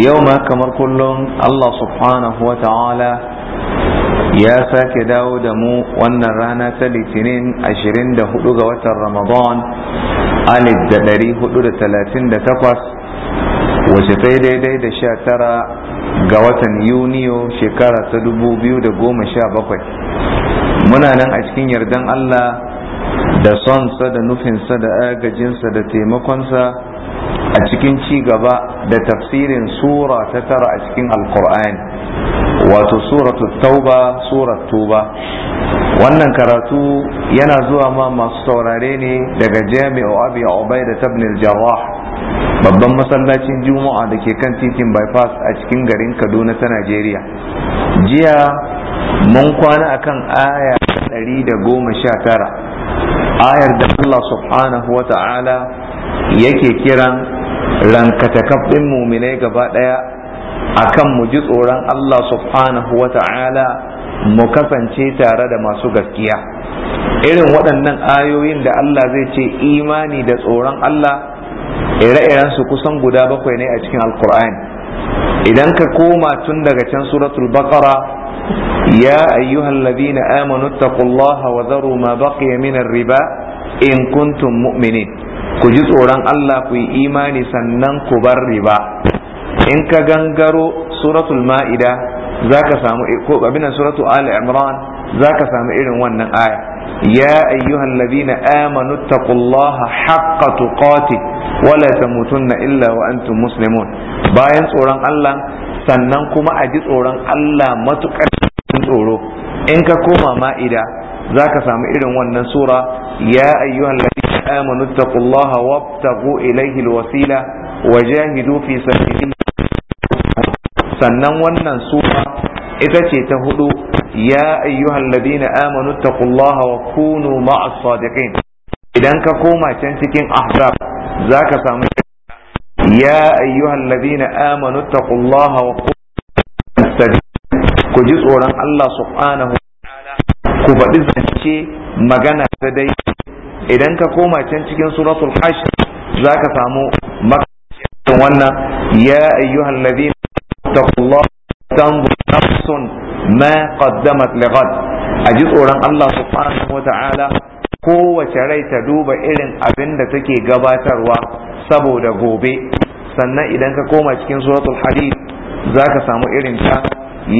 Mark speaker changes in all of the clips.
Speaker 1: yau ma kamar kullum Allah subhanahu wa ta'ala ya sake dawo da mu wannan rana ta litinin 24 ga watan ramadan alif da talatin 438 wace ta daidai da sha tara ga watan yuniyo shekara ta goma 2017 muna nan a cikin yardan Allah da sonsa da nufinsa da agajinsa da taimakonsa a cikin ci gaba da tafsirin sura ta tara a cikin alkur'ani wato suratu tauba surat tuba wannan karatu yana zuwa ma masu saurare ne daga jami'u ya obai da tabnil jarrah babban masallacin juma'a da ke kan titin bypass a cikin garin kaduna ta najeriya jiya mun kwana akan aya da goma sha tara. ayar da allah subhanahu wa ta'ala yake kiran rankatakaf ɗin muminai gaba ɗaya akan mu ji tsoron Allah subhanahu wa ta'ala mu kasance tare da masu gaskiya irin waɗannan ayoyin da Allah zai ce imani da tsoron Allah ire-iren su kusan guda bakwai ne a cikin alkur'ani idan ka koma tun daga can suratul baqara ya أيها na amanu اتقوا wa وذروا ma بقي من riba in kuntun muminin. ku ji tsoron Allah ku yi imani sannan ku bar riba in ka gangaro suratul ma'ida za ka samu ko abinan suratul ali imran za ka samu irin wannan aya ya ayyuhan ladina amanu taqullaha haqqa tuqati wa la tamutunna illa wa antum muslimun bayan tsoron Allah sannan kuma a ji tsoron Allah matukar tsoro in ka koma ma'ida za ka samu irin wannan sura ya ayyuhan آمنوا اتقوا الله وابتغوا إليه الوسيلة وجاهدوا في سبيله sannan wannan sura ita ce ta hudu ya ayyuhal ladina amanu taqullaha wa kunu ma'as sadiqin idan ka koma can cikin ahzab zaka samu ya ayyuhal ladina amanu taqullaha wa kunu ku ji tsoron Allah subhanahu ku faɗi zance magana ta dai idan ka koma can cikin suratul hashir za ka samu makashin wannan ya ayyuhal ladina taqullah tanzur nafsun ma qaddamat lighad aji tsoron Allah subhanahu wata'ala kowace rai ta duba irin abin da take gabatarwa saboda gobe sannan idan ka koma cikin suratul hadid za ka samu irin ta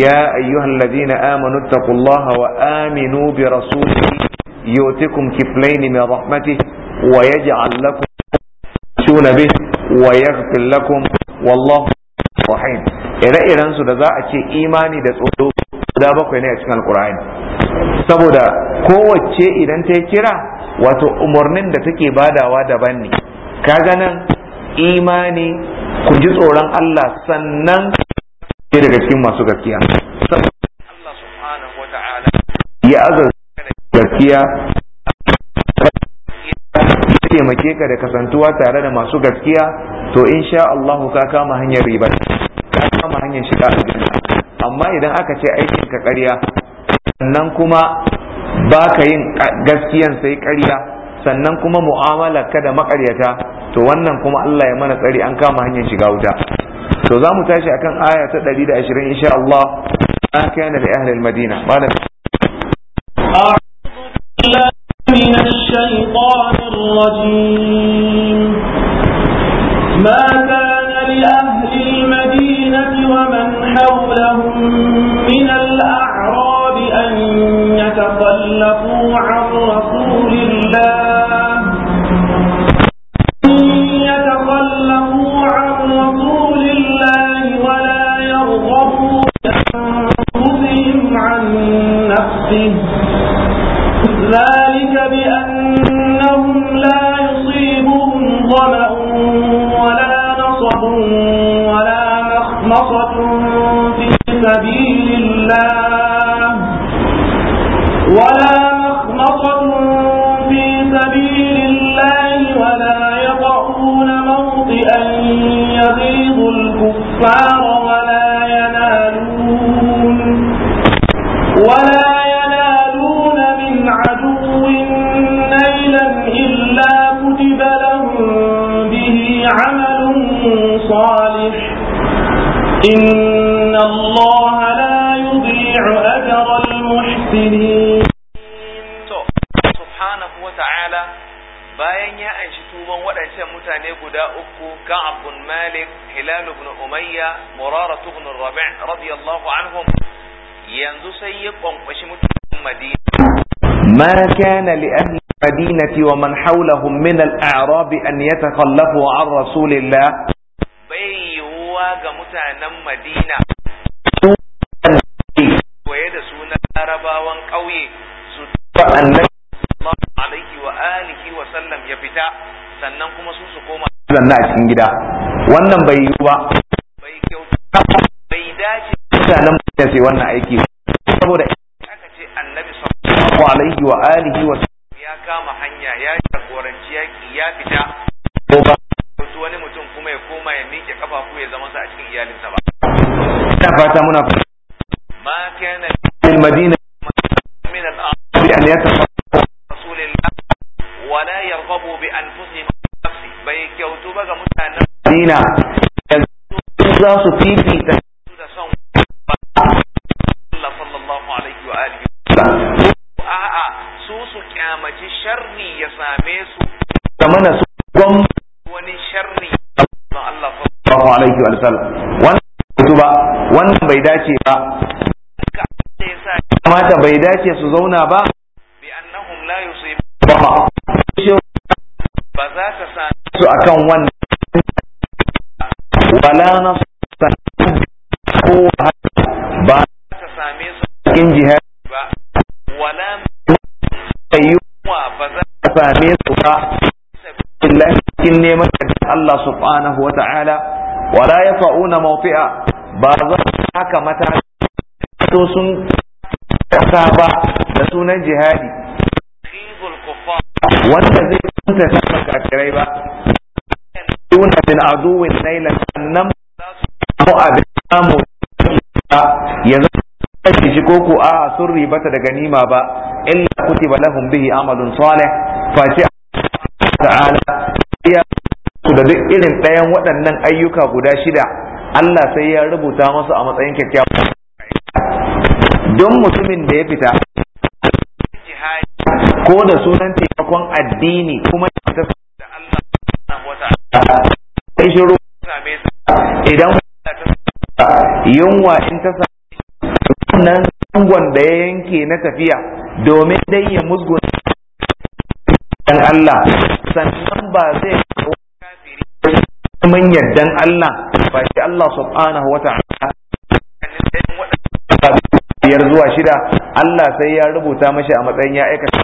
Speaker 1: ya ayyuhal ladina amanu taqullaha wa aminu bi يؤتكم كفلين من رحمته ويجعل لكم تشون به ويغفر لكم والله رحيم ire-iren su da za a ce imani da tsoro guda bakwai ne a cikin alkur'ani saboda kowacce idan ta kira wato umarnin da take badawa daban ne kaga nan imani ku ji tsoron Allah sannan ke daga cikin masu gaskiya ya azar gaskiya taimake ka da kasantuwa tare da masu gaskiya to sha Allahu ka kama hanyar riba ka kama hanyar shiga aljanna amma idan aka ce aikin ka ƙarya sannan kuma ba ka yin gaskiyan sai ƙarya sannan kuma mu'amala ka da maƙaryata to wannan kuma Allah ya mana tsari an kama hanyar shiga wuta to za mu tashi akan aya ta 120 insha Allah an kana li ahli al-madina
Speaker 2: الرجيم
Speaker 1: ما كان لأهل المدينة ومن حولهم من الأعراب أن يتخلفوا عن رسول الله بيوا متانا مدينة ويد سونا عربا قوي النبي صلى الله عليه وآله وسلم يفتا sannan kuma su su koma sannan a cikin gida wannan bai yiwu ba bai kyauta bai dace mutanen mutane wannan aiki ba wa alihi wa ya kama hanya ya jagoranci yaki ya fita ko ba wasu wani mutum kuma ya koma ya miƙe kafafu ya zama sa a cikin iyalinsa ba ta fata muna ma kana al madina min al-amr an yatafaqqahu rasulullah wa la yarghabu bi anfusihi bai kyautu ba ga mutanen
Speaker 3: madina za su fi
Speaker 1: zauna ba bi annahum la yusibu ba za ta sami su akan wannan
Speaker 3: wala na ko ba
Speaker 1: za same su cikin jihar ba wala ba za ta same su ba cikin neman yardan Allah subhanahu wata'ala wala yafa'una mawfi'a ba za haka mata to sun kasa ba sunan jihadi wanda zai kunta sama kafirai ba suna bin aduwin naila sannan mu abin samu ya zama shi ko ku a surri bata da ganima ba illa kutiba lahum bihi amalun salih face ta'ala ya da duk irin ɗayan waɗannan ayyuka guda shida Allah sai ya rubuta masu a matsayin kyakkyawa don mutumin da ya fita ko da sunan taimakon addini kuma ta da Allah subhanahu wata'ala ta idan ta yunwa in ta same nan sangon da ya yanke na tafiya domin dai ya musguna dan Allah sannan ba zai mun yardan Allah ba shi Allah subhanahu wata'ala biyar zuwa shida Allah sai ya rubuta mashi a matsayin ya aikata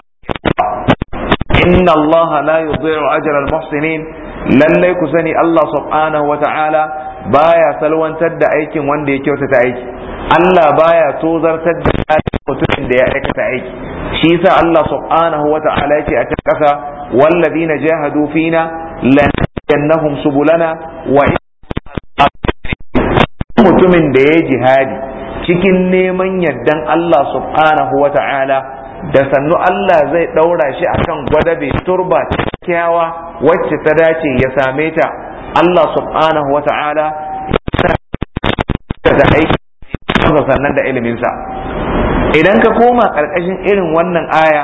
Speaker 1: inna allaha la yudhi'u ajra al-muhsinin lallai ku sani Allah subhanahu wata'ala baya salwantar da aikin wanda ya kyautata aiki Allah baya tozartar da mutumin da ya aikata aiki shi sa Allah subhanahu ta'ala yake a can kasa wallazina jahadu fina lanahum subulana wa mutumin da ya jihadi cikin neman yardan Allah subhanahu ta'ala. da sannu Allah zai ɗaura shi a akan gwadabe turba kyawa wacce ta dace ya same ta Allah subhanahu wa ta'ala da aiki sannan da iliminsa idan ka koma ƙarƙashin irin wannan aya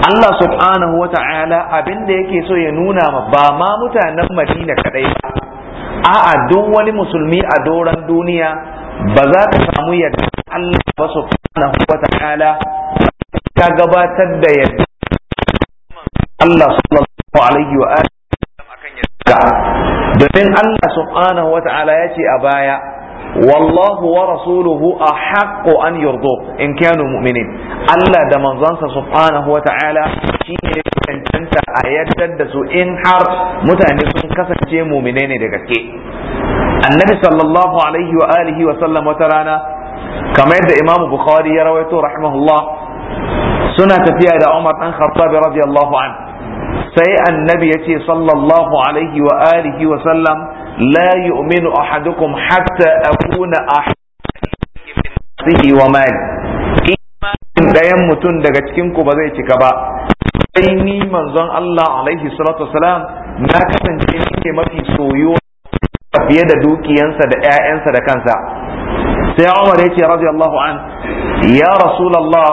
Speaker 1: Allah subhanahu wa ta'ala abinda yake so ya nuna ma ba ma mutanen Madina kaɗai ba a'a duk wani musulmi a doron duniya ba za ka samu yadda Allah ba subhanahu wa ta'ala ka gabatar da yadda Allah sallallahu alaihi wa yadda domin Allah subhanahu wa ta'ala ya ce a baya wallahu wa rasuluhu a haƙƙo an yurdo in kyanu mu'minin Allah da manzansa subhanahu wa ta'ala shi ne cancanta a yadda da su in har mutane sun kasance muminai ne da gaske annabi sallallahu alaihi wa alihi wa sallam kamar yadda imamu bukhari ya rawaito rahimahullah suna tafiya da umar dan khattab radiyallahu an sai annabi yace sallallahu alaihi wa alihi wa sallam la yu'minu ahadukum hatta akuna ahadihi wa mali imanin dayan mutum daga cikin ku ba zai cika ba sai ni manzon Allah na kasance ni mafi soyuwa fiye da dukiyansa da 'ya'yansa da kansa sai Umar ya ce radiyallahu an ya rasulullah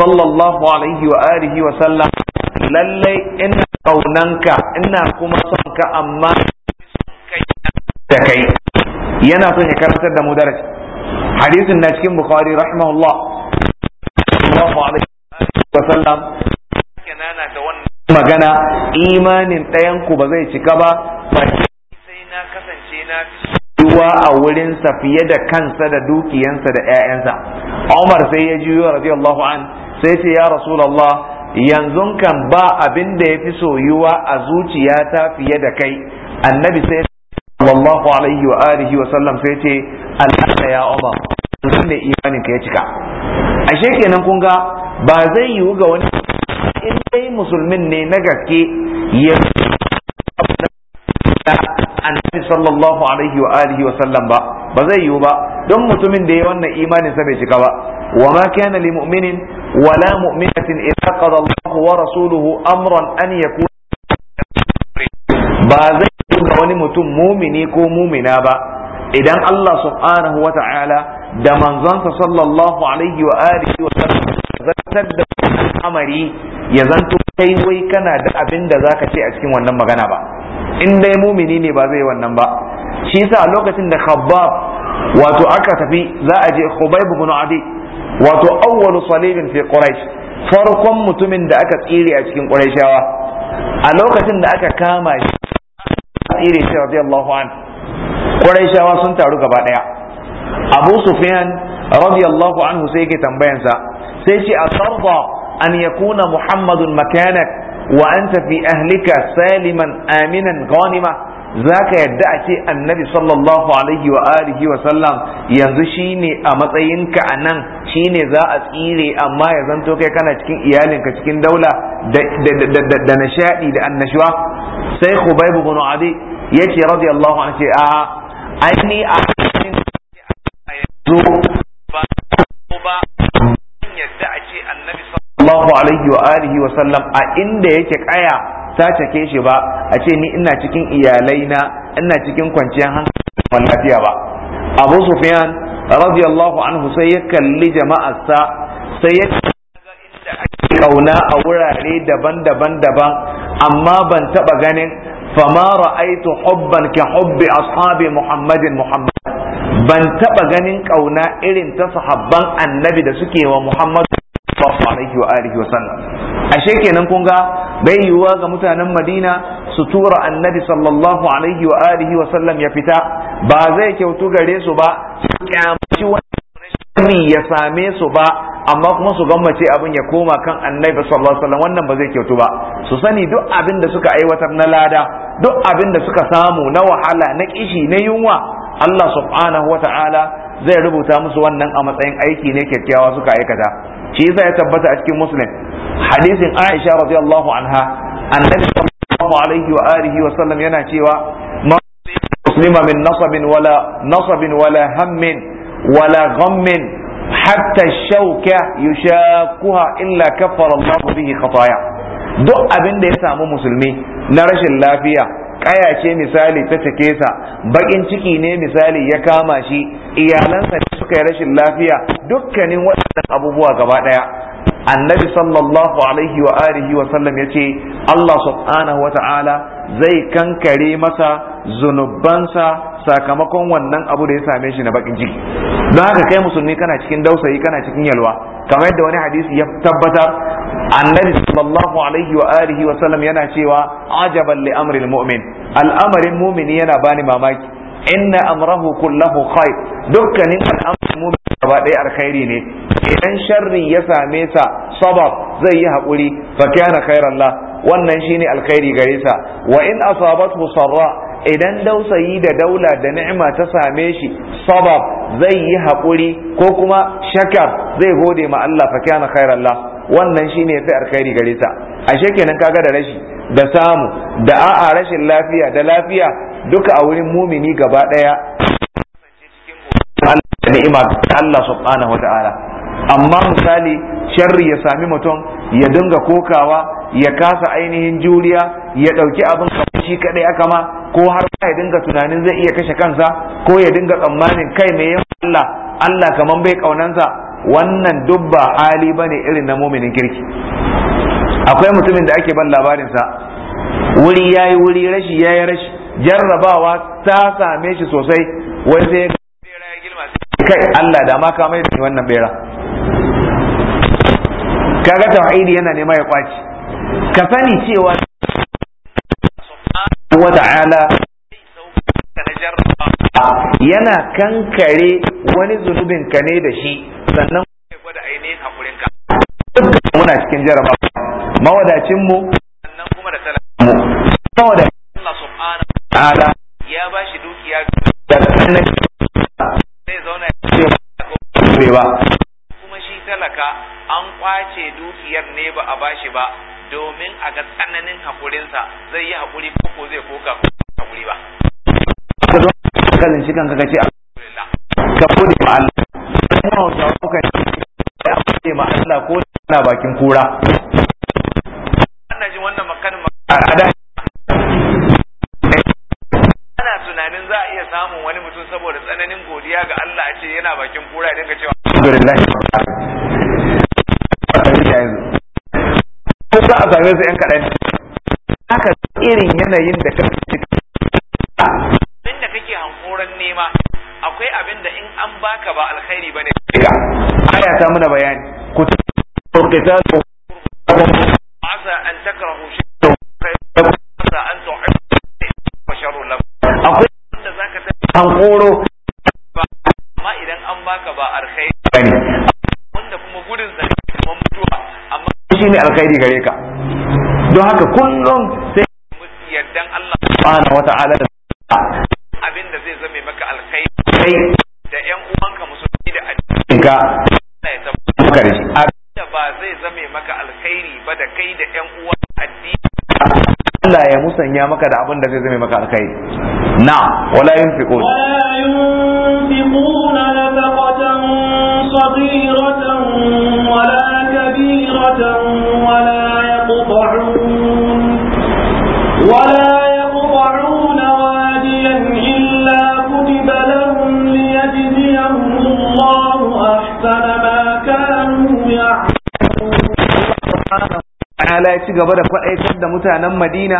Speaker 1: sallallahu alaihi wa alihi wa sallam lallai ina kaunanka ina kuma son ka amma da kai yana son ya karantar da mu darasi hadisin na cikin bukhari rahimahullah sallallahu alaihi wa sallam magana imanin ɗayan ku ba zai cika ba yiwa a wurinsa fiye da kansa da dukiyansa da 'ya'yansa Umar sai ya juyo radiyallahu an sai ce ya Rasulullah yanzu kan ba abin da ya fi soyuwa a zuciyata fiye da kai annabi sai sallallahu alaihi wa alihi wa sallam sai ce Allah ya Umar yanzu ne imanin ka ya cika ashe kenan kun ga ba zai yiwu ga wani in dai musulmin ne na gaske ya annabi sallallahu alaihi wa alihi wa sallam ba ba zai yiwu ba don mutumin da ya wannan imanin sa bai cika ba wa ma kana li mu'minin wa la mu'minatin idza qada Allahu wa rasuluhu amran an yakuna ba zai yiwu ga wani mutum mumini ko mumina ba idan Allah subhanahu wa ta'ala da manzonsa sallallahu alaihi wa alihi wa sallam zartar da amari ya zanto kai wai kana da abin da zaka ce a cikin wannan magana ba in dai mumini ne ba zai wannan ba shi yasa lokacin da khabbab wato aka tafi za a je khubayb ibn adi wato awwalu salibin fi quraish farkon mutumin da aka tsire a cikin quraishawa a lokacin da aka kama shi tsire shi radiyallahu an quraishawa sun taru gaba daya abu sufyan radiyallahu anhu sai yake tambayansa sai ce a sarda an yakuna muhammadun makanak wa anta fi ahlika saliman aminan ghanima za ka yadda a annabi sallallahu alaihi wa alihi wa sallam yanzu shine a matsayinka a nan shine za a tsire amma ya zanto kana cikin iyalinka cikin daula da nishadi da annashuwa sai khubayb ibn adi yace radiyallahu anhu ce a aini a yanzu a inda yake kaya ta shi ba a ce ni ina cikin iyalaina ina cikin kwanciyar hankali ba abu sufyan radiyallahu sai ya kalli jama'arsa sai a wurare daban-daban daban amma ban ban ganin irin ta sahabban annabi da suke wa alaihi wa alihi wa sallam ashe kenan kun ga bai yiwuwa ga mutanen Madina su tura annabi sallallahu alaihi wa alihi wa sallam ya fita ba zai kyautu gare su ba su kyamaci wani ya same su ba amma kuma su gammace abin ya koma kan annabi sallallahu alaihi wa sallam wannan ba zai kyautu ba su sani duk abin da suka aiwatar na lada duk abin da suka samu na wahala na kishi na yunwa Allah subhanahu wa ta'ala zai rubuta musu wannan a matsayin aiki ne kyakkyawa suka aikata shi yasa ya tabbata a cikin muslim hadisin Aisha radiyallahu anha annabi sallallahu alaihi wa alihi wa sallam yana cewa ma muslima min nasabin wala nasabin wala hammin wala ghammin hatta shauka yushakuha illa kaffara Allah bihi khataya duk abin da ya samu musulmi na rashin lafiya ƙaya ce misali ta cike sa baƙin ciki ne misali ya kama shi iyalansa ne suka yi rashin lafiya dukkanin waɗannan abubuwa gaba ɗaya annabi sallallahu alaihi wa alihi wa sallam ya ce Allah subhanahu wa ta'ala zai kankare masa zunubansa sakamakon wannan abu da ya same shi na bakin ciki don haka kai musulmi kana cikin dausayi kana cikin yalwa kamar yadda wani hadisi ya tabbatar annabi sallallahu alaihi wa alihi wa sallam yana cewa ajaban li amril mu'min al'amarin mu'mini yana bani mamaki inna amrahu kullahu khair dukkanin al'amarin mu'min gaba ɗaya alkhairi ne idan sharri ya same sa sabab zai yi haƙuri fa kana khairan la wannan shine alkhairi gare sa wa in asabathu sarra idan dausayi da daula da ni'ima ta same shi sabab zai yi haƙuri ko kuma shakar zai gode ma Allah fa kana khairan la wannan shine fi alkhairi gare sa ashe kenan kaga da rashi da samu da a'a rashin lafiya da lafiya duka a wurin mumini gaba ɗaya ni'ima ta Allah subhanahu wata'ala amma misali sharri ya sami mutum ya dinga kokawa ya kasa ainihin juriya ya ɗauki abin kashi shi kaɗai aka ma ko har ma ya dinga tunanin zai iya kashe kansa ko ya dinga tsammanin kai mai yin Allah Allah kaman bai ƙaunansa wannan duk ba hali bane irin na muminin kirki akwai mutumin da ake ban labarin sa wuri yayi wuri rashi yayi rashi jarrabawa ta same shi sosai wai sai kai Allah da ma ka mai da wannan bera kaga tauhidi yana nema ya kwaci ka sani cewa wa ta'ala yana kankare wani zunubin ka ne da shi sannan gwada ainihin hakurin ka muna cikin jaraba mawadacin mu sannan kuma da talaka mu mawadacin Allah subhanahu wa ta'ala bashi ba domin a ga tsananin haƙurinsa zai yi haƙuri ko ko zai koka ko haƙuri ba ka zo ka zanci kanka ka ce ah, ka ma Allah kuma ma Allah ko na bakin kura ana wannan makarin ana tunanin za a iya samun wani mutum saboda tsananin godiya ga Allah a ce yana bakin kura idan ka ce alhamdulillah ɗalibai su yan kaɗan haka irin yanayin da ka fi abin da kake hankoran nema akwai abin da in an baka ba alkhairi ba ne aya ta muna bayani ku ta kurkita su asa an takrahu shi asa an tuhibbu basharun lakum akwai wanda zaka ta hankoro ba. amma idan an baka ba alkhairi ba bane wanda kuma gudun sa kuma mutuwa amma shi ne alkhairi gare ka don haka kullum sai yardan Allah subhanahu wata'ala da abin da zai zame maka alkhairi da ƴan uwanka musulmi da addininka Allah ya zama maka da shi abin da ba zai zame maka alkhairi ba da kai da ƴan uwan addini Allah ya musanya maka da abin da zai zame maka alkhairi na wala yunfiqun ci gaba da faɗaitar da mutanen Madina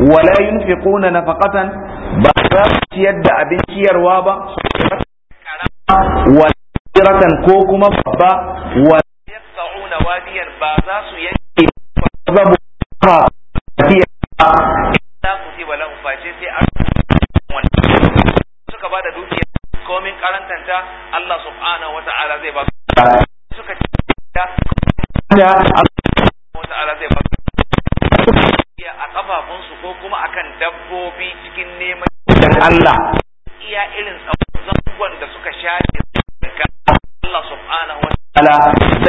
Speaker 1: wala na nafaqatan ba za su ciyar da abin ciyarwa ba wala ko kuma babba wala yaqta'una wadiyan ba za su yanke ba.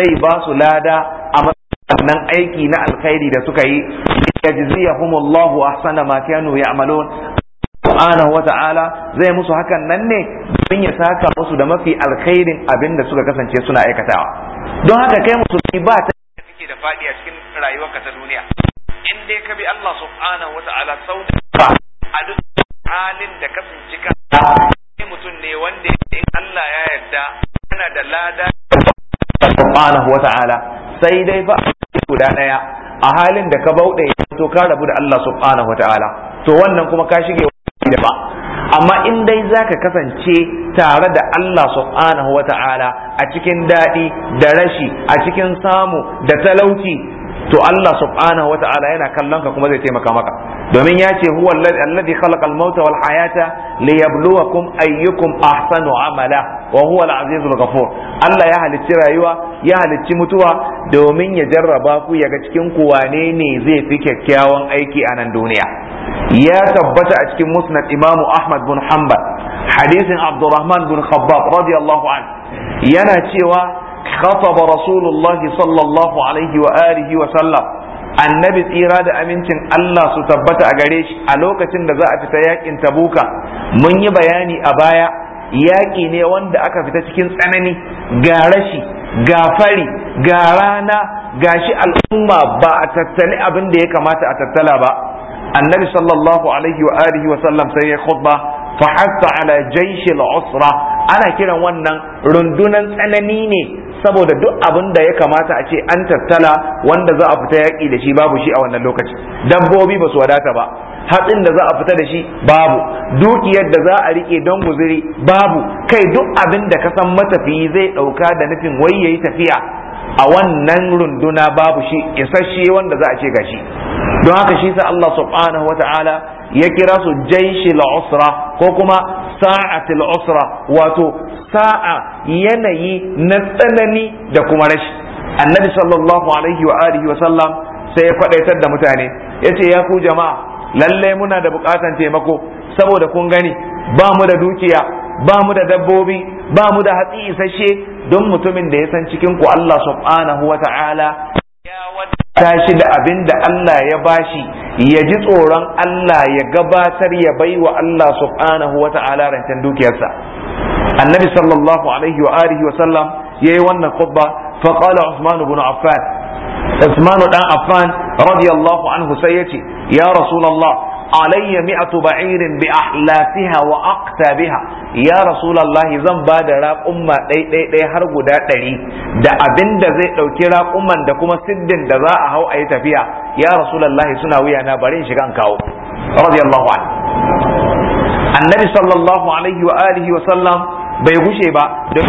Speaker 1: zai ba su lada a matsayin aiki na alkhairi da suka yi a sana makiyanu ya ya'malun subhanahu wa ta'ala zai musu hakan nan ne don ya saka musu da mafi alkhairin abin da suka kasance suna aikatawa don haka kai musulmi ba ta da kake da fadi a cikin rayuwarka ta duniya in dai ka bi Allah subhanahu wa ta'ala sau da ba a duk halin da ka tsinci ka mutum ne wanda in Allah ya yarda kana da lada subhanahu wa ta'ala sai dai fa guda daya a halin da ka bauɗe to ka rabu da Allah subhanahu wa ta'ala to wannan kuma ka shige da ba amma in dai zaka kasance tare da Allah subhanahu wa ta'ala a cikin daɗi da rashi a cikin samu da talauci to Allah subhanahu wa ta'ala yana kallon ka kuma zai taimaka maka domin ya ce huwa alladhi khalaqa al-mauta wal hayata liyabluwakum ayyukum ahsanu amala wa huwa al-azizul ghafur Allah ya halicci rayuwa ya halicci mutuwa domin ya jarraba ku yaga cikin ku wane ne zai fi kyakkyawan aiki a nan duniya ya tabbata a cikin musnad imamu ahmad bin hanbal hadisin abdurrahman bin khabbab radiyallahu an yana cewa kafaba رسول sallallahu alaihi الله عليه wa sallam. annabi tsira da amincin Allah su tabbata a gare shi a lokacin da za a fita yakin tabuka mun yi bayani a baya yaƙi ne wanda aka fita cikin tsanani ga rashi ga fari ga rana ga shi al'umma ba a tattali abin da ya kamata a tattala ba annabi sallallahu alaihi wa alihi wa sallam sai ya khutba fa hatta ala jaishil usra ana kiran wannan rundunan tsanani ne saboda duk abin da ya kamata a ce an tattala wanda za a fita yaƙi da shi babu shi a wannan lokaci dabbobi ba su wadata ba hatsin da za a fita da shi babu dukiyar da za a rike don guziri babu kai duk abin da ka san matafiyi zai ɗauka da nufin wai yayi tafiya a wannan runduna babu shi isasshe wanda za a ce ga shi don haka shi sa Allah subhanahu wata'ala ya kira su jaishi la'usra ko kuma sa'atil usra wato sa'a yanayi na tsanani da kuma rashi annabi sallallahu alaihi wa alihi wa sallam sai ya faɗaitar da mutane yace ya ku jama'a lalle muna da bukatan taimako saboda kun gani ba mu da dukiya ba mu da dabbobi ba mu da hatsi isasshe don mutumin da ya san cikin ku Allah subhanahu wa ta'ala shi da abin da Allah ya bashi ya ji tsoron Allah ya gabatar ya bai wa Allah subhanahu wa ta'ala rancen dukiyarsa annabi sallallahu alaihi wa alihi wa sallam yayi wannan khutba fa qala Usman ibn Affan Usman dan Affan radiyallahu anhu sai yace ya Rasulullah alayya mi'atu ba'irin bi ahlasiha wa aqtabiha ya rasulullahi zan ba da raƙumma ɗai har guda ɗari da abinda zai ɗauki raƙumman da kuma siddin da za a hau a yi tafiya ya rasulullahi suna wuya na bari in shiga in kawo radiyallahu an annabi sallallahu alaihi wa alihi wa sallam bai gushe ba da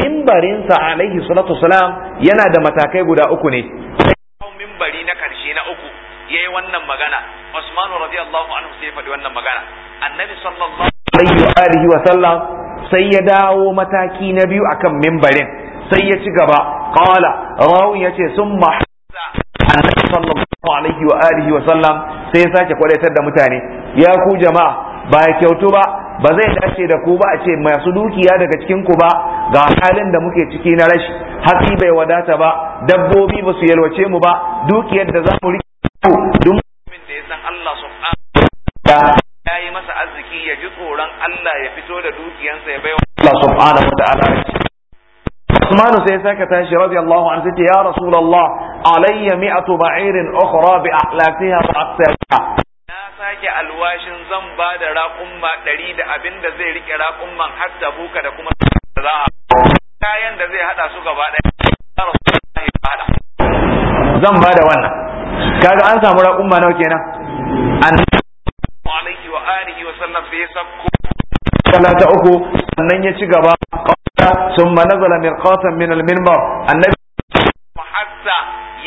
Speaker 1: mimbarinsa alaihi salatu salam yana da matakai guda uku ne sai mimbari na karshe na uku yayi wannan magana Usman radiyallahu anhu sai ya faɗi wannan magana annabi sallallahu alaihi wa sallam sai ya dawo mataki na biyu akan mimbarin sai ya ci gaba qala rawi yace summa annabi sallallahu alaihi wa alihi wa sallam sai ya sake kwadaitar da mutane ya ku jama'a ba ya kyautu ba ba zai dace da ku ba a ce masu dukiya daga cikin ku ba ga halin da muke ciki na rashi hatsi bai wadata ba dabbobi ba su yalwace mu ba dukiyar da za mu rike duk ya yi masa arziki ya ji tsoron Allah ya fito da dukiyansa ya baiwa Allah subhanahu wataala Usman sai ya saka tashi radiyallahu anhu sai ya rasulullah alayya mi'atu ba'irin ukhra bi ahlafiha wa aqsaha na sake alwashin zan ba da raƙumma ɗari da abin da zai rike raƙumman har ta buka da kuma za a kayan da zai hada su gaba ɗaya zan ba da wannan kaga an samu raƙumma nawa kenan alihi wa sallam sai ya sallah ta uku sannan ya ci gaba thumma nazala mirqatan min al-minbar annabi muhassa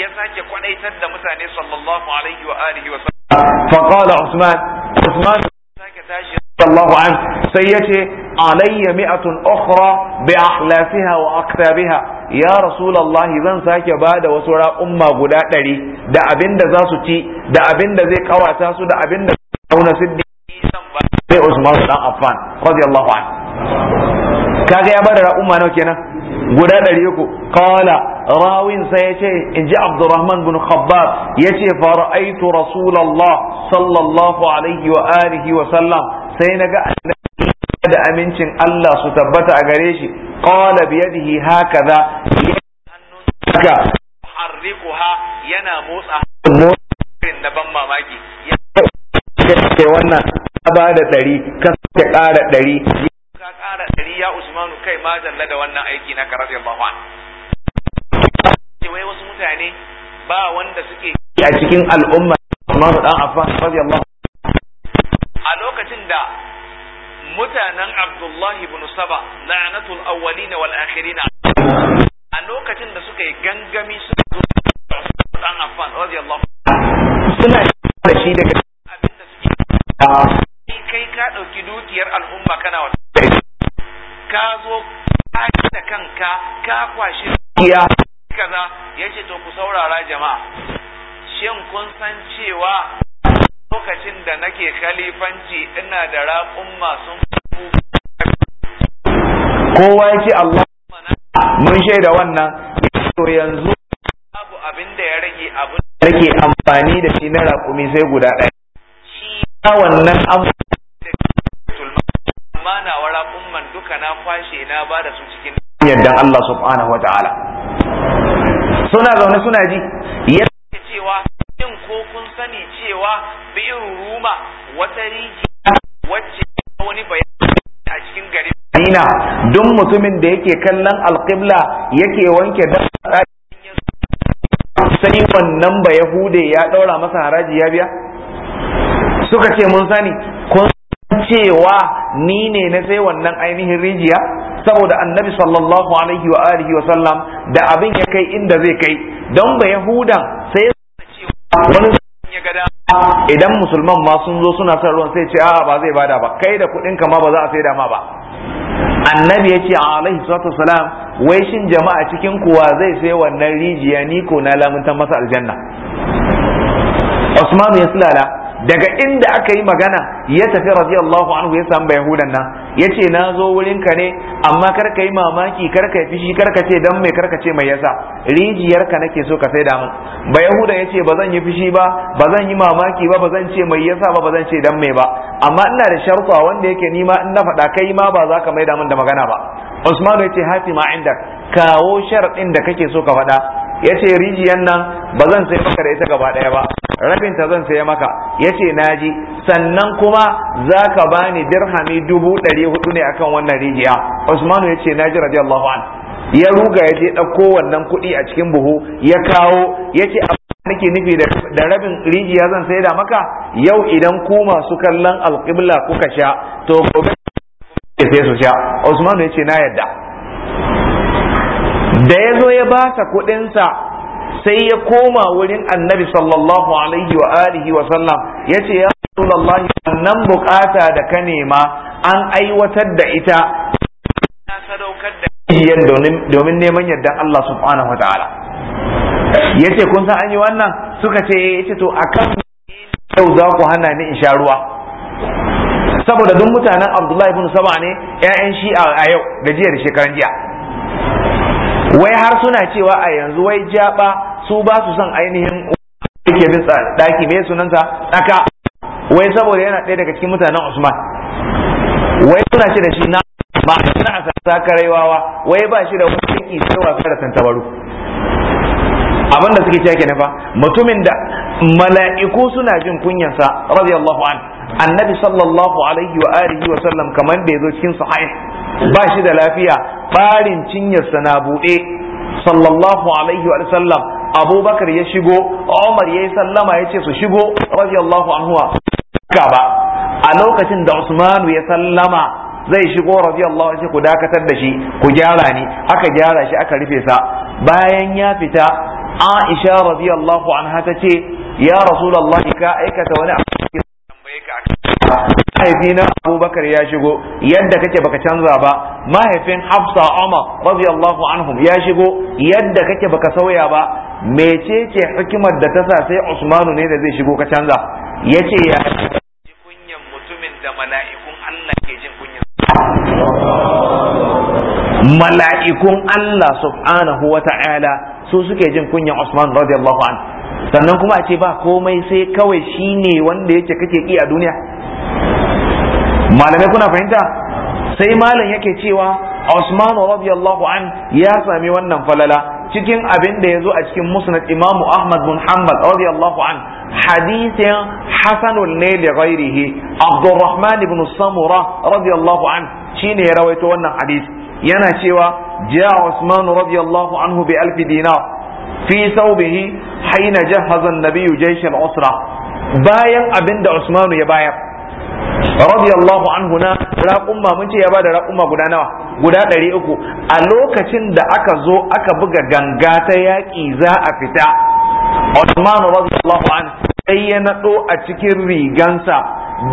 Speaker 1: ya sake kwadaitar da mutane sallallahu alaihi wa alihi wa sallam fa qala usman usman sake tashi sallallahu sai yace alayya mi'atun ukhra bi ahlafiha wa aktabiha ya rasulullahi zan sake bada wasu ra'umma guda ɗari da abinda za su ci da abinda zai kawata su da abinda auna siddi Usman dan Affan radiyallahu anhu kaga ya bada umma nawa kenan guda ɗari uku qala rawin sai yace inji ji Abdurrahman bin Khabbab yace fa ra'aytu Rasulullah sallallahu alaihi wa alihi wa sallam sai naga da amincin Allah su tabbata a gare shi qala bi yadihi hakaza haka harrikuha yana motsa motsin da ban mamaki ya wannan ka ba da ɗari ka sake ƙara ɗari ka ƙara ɗari ya usmanu kai ma jalla da wannan aiki na karar yallahu an wai wasu mutane ba wanda suke a cikin al'umma usmanu dan affan radiyallahu a lokacin da mutanen abdullahi ibn saba la'anatul awwalina wal akhirina a lokacin da suka yi gangami suka zo dan affan radiyallahu suna da shi daga abin da suke ah. ka ɗauki dukiyar al'umma kana wa ka zo ka da kanka ka kwashi dukiya kaza ya ce to ku saurara jama'a shin kun san cewa lokacin da nake khalifanci ina da raƙumma sun kowa ya ce Allah mun shaida wannan to yanzu babu abin da ya rage abin da ke amfani da shi na raƙumi sai guda ɗaya shi wannan duka na kwashe na ba da su cikin yardan Allah subhanahu wataala suna zaune suna ji yadda cewa yin ko kun sani cewa bi'in ruma wata rijiya wacce wani bayani a cikin garin Madina duk mutumin da yake kallon alqibla yake wanke da sai wannan ba yahude ya daura masa haraji ya biya suka ce mun sani kun cewa ni ne na sai wannan ainihin rijiya saboda annabi sallallahu alaihi wa alihi wa sallam da abin ya kai inda zai kai don ba yahudan sai ya cewa
Speaker 3: wani ya gada.
Speaker 1: idan musulman ma sun zo suna son ruwan sai ce a ba zai bada ba kai da kuɗin ka ma ba za a sai ma ba annabi ya ce alaihi salatu wasalam wai shin jama'a cikin kuwa zai sai wannan rijiya ni ko na lamuntan masa aljanna Usman ya sulala daga inda aka yi magana ya tafi radiyallahu anhu ya samu yahudan nan ya ce na zo wurin ka ne amma kar ka yi mamaki kar ka yi fishi kar ka ce dan mai kar ka ce mai yasa rijiyar ka nake so ka sai da mu ba yahuda ya ce ba zan yi fishi ba ba zan yi mamaki ba ba zan ce mai yasa ba ba zan ce dan mai ba amma ina da sharfa wanda yake nima in na faɗa kai ma ba za ka mai da mun da magana ba Usman ya ce hafi ma inda kawo sharɗin da kake so ka faɗa ya ce rijiyan nan ba zan sai maka da ita gaba ɗaya ba rabin ta zan saya maka ya ce ji sannan kuma za ka bani dirhami dubu ɗari hudu ne akan wannan rijiya usmanu ya ce naji radiyallahu an ya ruga ya je ɗauko wannan kuɗi a cikin buhu ya kawo ya ce nake nufi da rabin rijiya zan sai da maka yau idan ku masu kallon alƙibla kuka sha to gobe sai su sha usmanu ya ce na yadda da ya zo ya baka kuɗinsa sai ya koma wurin annabi sallallahu alaihi wa alihi wa sallam ya ce ya sallallahu wannan bukata da ka nema an aiwatar da ita na sadaukar da domin neman yadda Allah subhanahu wa ta'ala ya ce kun san an yi wannan suka ce eh, ya ce to a kan yau za ku hana ni in sha ruwa saboda duk mutanen abdullahi ibn saba ne 'ya'yan shi'a a yau da jiya da shekaran jiya wai har suna cewa a yanzu wai jaba su ba su son ainihin yake bin daki me sunanta tsaka wai saboda yana ɗaya daga cikin mutanen Usman wai suna ce da shi na ma a sassa karaiwawa wai ba shi da wani sai wasa da tabaru abin da suke cewa kenan fa mutumin da mala'iku suna jin kunyansa radiyallahu an annabi sallallahu alaihi wa alihi wa sallam kamar da yazo cikin sahih ba shi da lafiya barin cinyarsa na buɗe sallallahu alaihi wa sallam abubakar ya shigo umar ya yi sallama ya ce su shigo radiyallahu anhu ba a lokacin da usmanu ya sallama zai shigo radiyallahu anhu ku dakatar da shi ku gyara ni aka gyara shi aka rufe sa bayan ya fita Aisha radiyallahu anha ta ce ya Rasulullahi ka aikata wani abu da tambaye ka mahaifina abubakar ya shigo yadda kake baka canza ba mahaifin hafsa umar radiyallahu anhum ya shigo yadda kake baka sauya ba mecece hikimar da ta sa sai usmanu ne da zai shigo ka canza yace ya ji
Speaker 3: kunyan mutumin da mala'ikun Allah ke jin kunyan
Speaker 1: mala'ikun Allah subhanahu wata'ala su suke jin kunyan Usman radiyallahu anhu sannan kuma a ce ba komai sai kawai shi ne wanda yake kake ki a duniya malamai kuna fahimta sai malam yake cewa Usman radiyallahu an ya sami wannan falala cikin abin da ya zo a cikin musnad imam ahmad bin hanbal radiyallahu an hadisin hasanul ne da ghairihi abdurrahman ibn samura radiyallahu an shine ya rawaito wannan hadis yana cewa ja usman radiyallahu anhu bi alf dinar fi saubihi haina jahaza an-nabiy usra bayan abinda Usmanu ya bayar radiyallahu anhu na raqumma mun ce ya bada raqumma guda nawa guda ɗari a lokacin da aka zo aka buga ganga ta yaƙi za a fita Usman radiyallahu anhu sai ya nado a cikin rigansa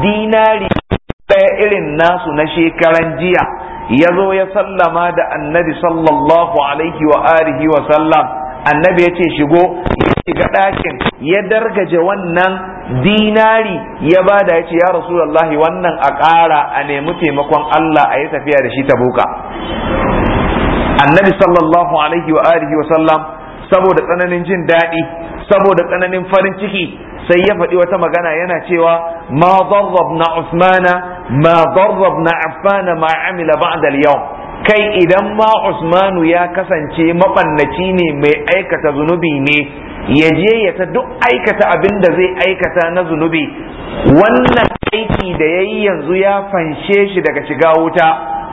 Speaker 1: dinari ɗaya irin nasu na shekaran jiya ya zo ya sallama da annabi sallallahu alaihi wa alihi wa sallam annabi ya ce shigo ya shiga ɗakin ya dargaje wannan dinari ya bada ya ce ya rasulullahi wannan a ƙara a nemi taimakon Allah a yi tafiya da shi ta buka annabi sallallahu alaihi wa alihi wa sallam saboda tsananin jin daɗi saboda tsananin farin ciki sai ya faɗi wata magana yana cewa ma na usmana ma na affana ma amila ba'da yawm kai idan ma usmanu ya kasance mabannaci ne mai aikata zunubi ne ya je ya ta duk aikata abin da zai aikata na zunubi wannan aiki da ya yi yanzu ya fanshe shi daga shiga wuta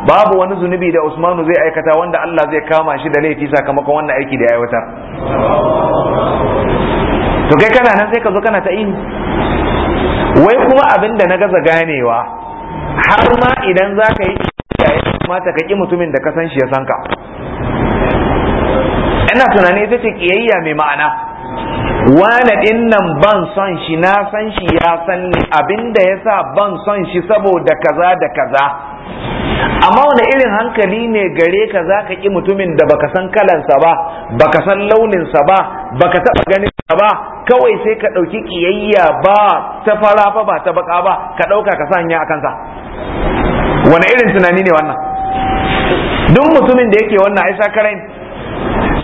Speaker 1: babu wani zunubi da usmanu zai aikata wanda allah zai kama shi da laifi sakamakon wannan aiki da ya aiwatar to kai kana nan sai ka zo kana ta ihu wai kuma abin da na gaza ganewa har ma idan za ka yi kamata ka ƙi mutumin da ka san shi ya san ka ina tunanin ita ce kiyayya mai ma'ana wane ɗin nan ban son shi na san shi ya san ni abinda ya sa ban son shi saboda kaza da kaza amma wani irin hankali ne gare ka za ka ƙi mutumin da baka san kalansa ba baka san launinsa ba baka taɓa ganin sa ba kawai sai ka ɗauki ƙiyayya ba ta fara ba ta baka ba ka ɗauka ka sanya a kansa wani irin tunani ne wannan duk mutumin da yake wannan aisa karai,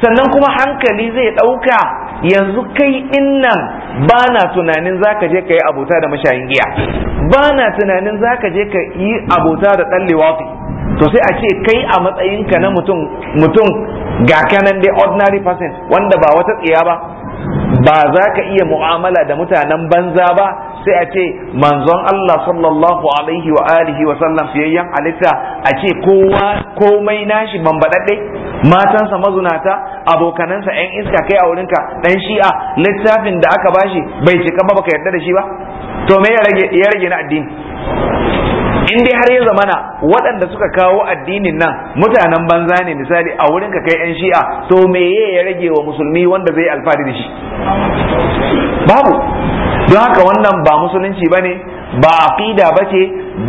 Speaker 1: sannan kuma hankali zai ɗauka yanzu kai innan ba na tunanin za ka je ka yi abota da mashayin giya ba na tunanin zaka je ka yi abota da ɗan liwafi to sai a ce kai a matsayinka na mutum mutum ga kanan dai ordinary person wanda ba wata tsiya ba ba za ka iya mu'amala da mutanen banza ba sai a ce manzon Allah sallallahu alaihi wa alihi wa sallam fiyayyen halitta a ce kowa komai nashi bambadadde matansa mazunata abokanansa yan iska kai a wurinka dan shi'a littafin da aka bashi bai cika ba baka yarda da shi ba to me ya rage na addini in dai har ya zamana waɗanda suka kawo addinin nan mutanen banza ne misali a wurin ka kai yan shi'a to meye ya rage wa musulmi wanda zai alfahari da shi babu don haka wannan ba musulunci ba ne ba aqida ba ce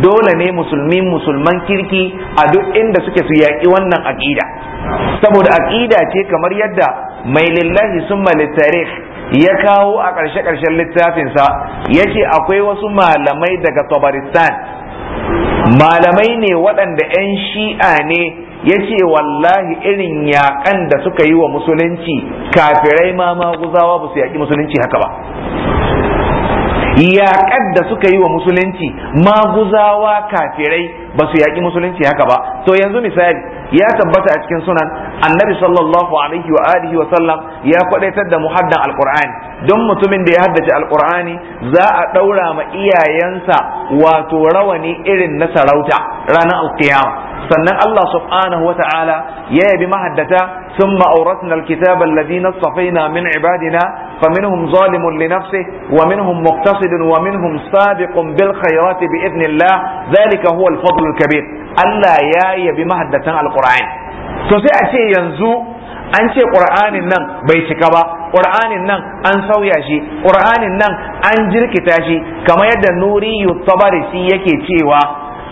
Speaker 1: dole ne musulmi musulman kirki a duk inda suke su yaƙi wannan aqida saboda aqida ce kamar yadda mai lillahi summa ya kawo a ƙarshe-ƙarshen littafinsa ya ce akwai wasu malamai daga tabaristan malamai ne waɗanda 'yan shi'a ne ya ce wallahi irin yaƙan da suka yi wa musulunci kafirai ma maguzawa ba su yaƙi musulunci haka ba Yaƙan da suka yi wa musulunci maguzawa kafirai ba su yaƙi musulunci haka ba to yanzu misali ya tabbata a cikin sunan annabi sallallahu alaihi wa alihi wa sallam ya kwadaitar da muhaddan alqur'ani don mutumin da ya haddace alqur'ani za a daura ma iyayensa wato rawani irin na sarauta ranar alqiyama sannan Allah subhanahu wa ta'ala ya yabi mahaddata thumma awrathna alkitaba alladhi ثم أورثنا الكتاب الذين اصطفينا من عبادنا فمنهم ظالم لنفسه ومنهم مقتصد ومنهم سابق بالخيرات بإذن الله ذلك هو الفضل الكبير Allah ya يبي mahaddatan القرآن to sai a ce yanzu an ce ƙur'anin nan bai cika ba ƙur'anin nan an sauya shi ƙur'anin nan an jirkita shi kamar yadda nuri shi yake cewa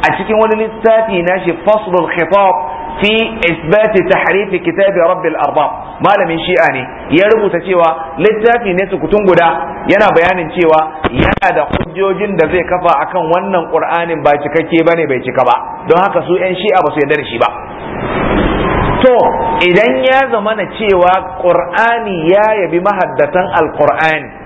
Speaker 1: a cikin wani littafi na shi faslul khitab fi isbati tahrifi kitabi rabbil arbab malamin shi'a ne ya rubuta cewa littafi ne kutun guda yana bayanin cewa yana da hujjojin da zai kafa akan wannan qur'anin ba cikakke ba ne bai cika ba don haka su yan shi'a ba su yarda da shi ba to idan ya zama na cewa ƙur'ani ya yabi mahaddatan alƙur'ani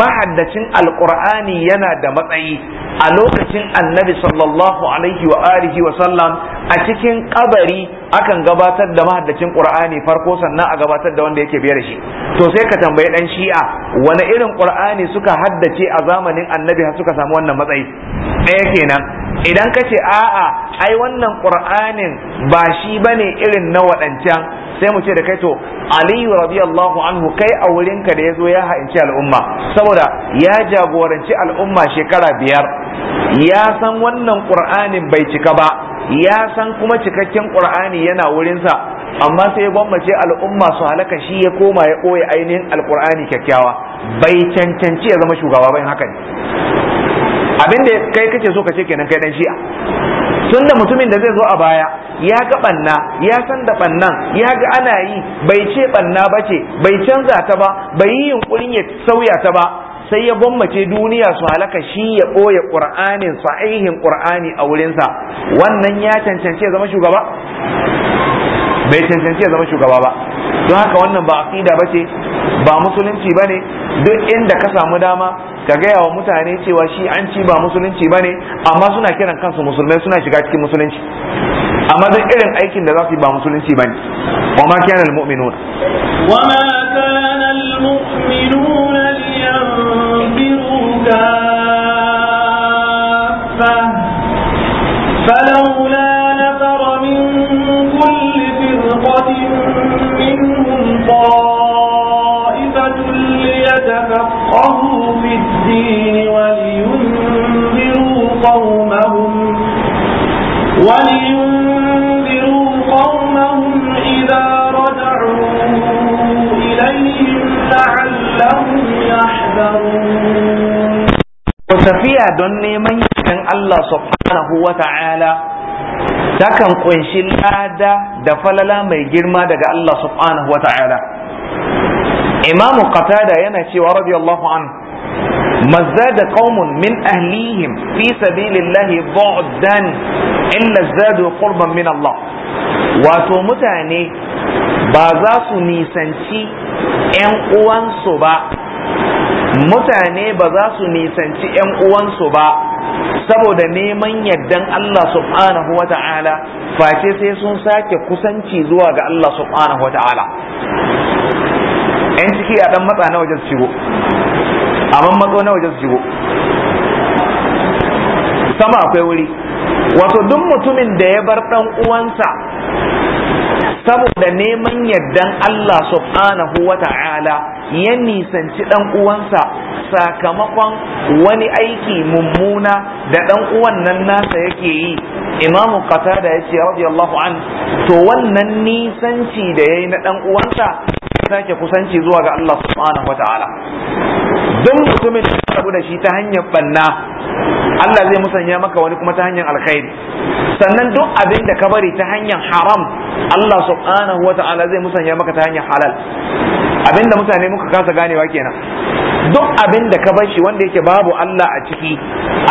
Speaker 1: mahaddacin alƙur'ani yana da matsayi a lokacin annabi sallallahu alaihi wa alihi wa sallam a cikin kabari akan gabatar da mahaddacin ƙur'ani farko sannan a gabatar da wanda yake biye da shi to sai ka tambayi dan shi'a wani irin ƙur'ani suka haddace a zamanin annabi har suka samu wannan matsayi ɗaya kenan idan ka ce a'a ai wannan qur'anin ba shi bane irin na waɗancan sai mu ce da kai to aliyu radiyallahu anhu kai a wurin ka da ya zo ya ha'inci al'umma saboda ya jagoranci al'umma shekara biyar ya san wannan qur'anin bai cika ba ya san kuma cikakken qur'ani yana wurinsa amma sai ya gwammace al'umma su halaka shi ya koma ya ɓoye ainihin alkur'ani kyakkyawa bai cancanci ya zama shugaba ba haka ne abin da kai kake so ka ce kenan kai dan shi'a tun da mutumin da zai zo a baya ya ga banna ya san da bannan ya ga ana yi bai ce banna ba ce bai canza ta ba bai yi yunkurin ya sauya ta ba sai ya gwammace duniya su halaka shi ya ɓoye ƙur'anin sahihin ƙur'ani a wurinsa wannan ya cancanci ya zama shugaba bai cancanci ya zama shugaba ba don haka wannan ba aqida ba ce ba musulunci bane duk inda ka samu dama ka gaya wa mutane cewa shi an ci ba musulunci bane amma suna kiran kansu musulmai suna shiga cikin musulunci amma duk irin aikin da za su yi ba musulunci bane wa ma kana mu'minun wa
Speaker 2: ma kana almu'minun liyanfiru kaffa فلولا يفقهوا في الدين ولينذروا قومهم ولينذروا قومهم إذا رجعوا إليهم لعلهم يحذرون
Speaker 1: وتفيا دني من كان الله سبحانه وتعالى takan kunshi lada da falala mai girma daga Allah subhanahu wa ta'ala imamu qatada yana cewa radiyallahu an mazada qaumun min ahlihim fi sabilillahi bu'dan illa zadu qurban min Allah wato mutane ba za su nisanci 'yan uwansu ba saboda neman yardan Allah subhanahu face sai sun sake kusanci zuwa ga Allah subhanahu yan ciki a dan matsa na waje su shigo a matso na waje su shigo sama akwai wuri wato duk mutumin da ya bar dan uwansa saboda neman yardan Allah subhanahu wa ta'ala ya nisanci dan uwansa sakamakon wani aiki mummuna da dan uwan nan nasa yake yi imamu qatada yace radiyallahu an to wannan nisanci da yayi na dan uwansa sake kusanci zuwa ga Allah subhanahu wataala don mutumin da ka rabu da shi ta hanyar banna Allah zai musanya maka wani kuma ta hanyar alkhairi sannan duk abin da ka bari ta hanyar haram Allah subhanahu wataala zai musanya maka ta hanyar halal abinda mutane muka kasa ganewa kenan duk abin da ka bashi shi wanda yake babu Allah a ciki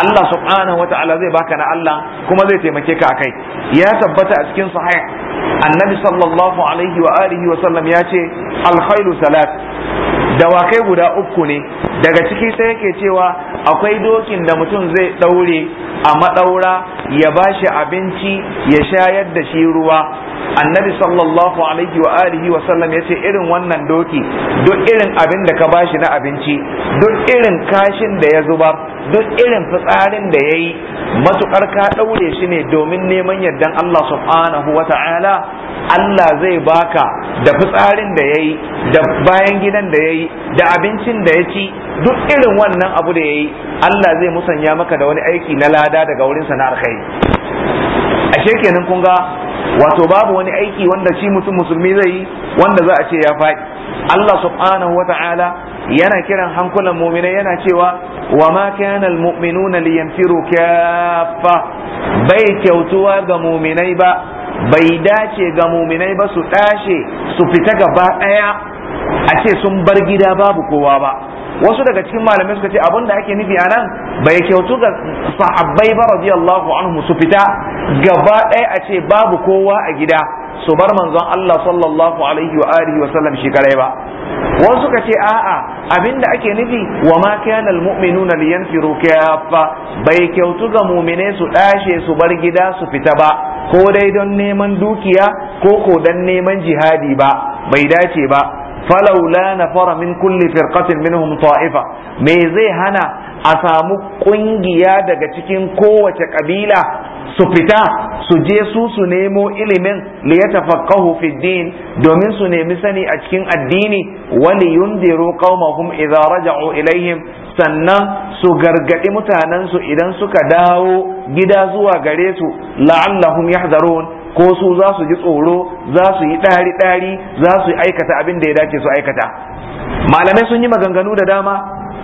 Speaker 1: Allah subhanahu wataala zai baka na Allah kuma zai taimake ka kai. ya tabbata a cikin sahih annabi sallallahu alaihi wa alihi wa sallam ya ce alkhairu salat dawakai guda uku ne daga ciki sai yake cewa akwai dokin da mutum zai ɗaure a maɗaura ya ba shi abinci ya shayar da shi ruwa annabi sallallahu alaihi wa alihi wa sallam ya ce irin wannan doki duk irin abin da ka ba shi na abinci duk irin kashin da ya zuba duk irin fitsarin da ya yi matukar ka ɗaure shi ne domin neman yardan Allah subhanahu wa ta'ala Allah zai baka da fitsarin da ya yi da bayan gidan da ya yi da abincin da ya ci duk irin wannan abu da ya yi Allah zai musanya maka da wani aiki na lada daga wurin sana'ar kai ashe kenan kun ga wato babu wani aiki wanda shi mutum musulmi zai yi wanda za a ce ya faɗi Allah subhanahu wata'ala yana kiran hankulan muminai yana cewa wa ma kana almu'minuna liyanfiru kaffa bai kyautuwa ga muminai ba bai dace ga muminai ba su tashi su fita gaba daya a ce sun bar gida babu kowa ba wasu daga cikin malamai suka ce abin da ake nufi a nan bai kyautu ga sahabbai ba radiyallahu anhu su fita gaba ɗaya a ce babu kowa a gida su bar manzon Allah sallallahu alaihi wa alihi wa sallam shi kare ba wasu suka ce a'a abin da ake nufi wa ma kana almu'minuna liyanfiru kaffa bai kyautu ga mu'mine su dashe su bar gida su fita ba ko dai don neman dukiya ko ko dan neman jihadi ba bai dace ba فلولا نفر من كل فرقة منهم طائفة ميزي هنا a samu ƙungiya daga cikin kowace ƙabila su fita su je su su nemo ilimin li yatafaqahu fi din domin su nemi sani a cikin addini wali yundiru qaumahum idza raja'u ilaihim sannan su gargadi mutanensu su idan suka dawo gida zuwa gare su la'allahum yahzarun ko su za su ji tsoro za su yi ɗari-ɗari za su aikata abin da ya dace su aikata malamai sun yi maganganu da dama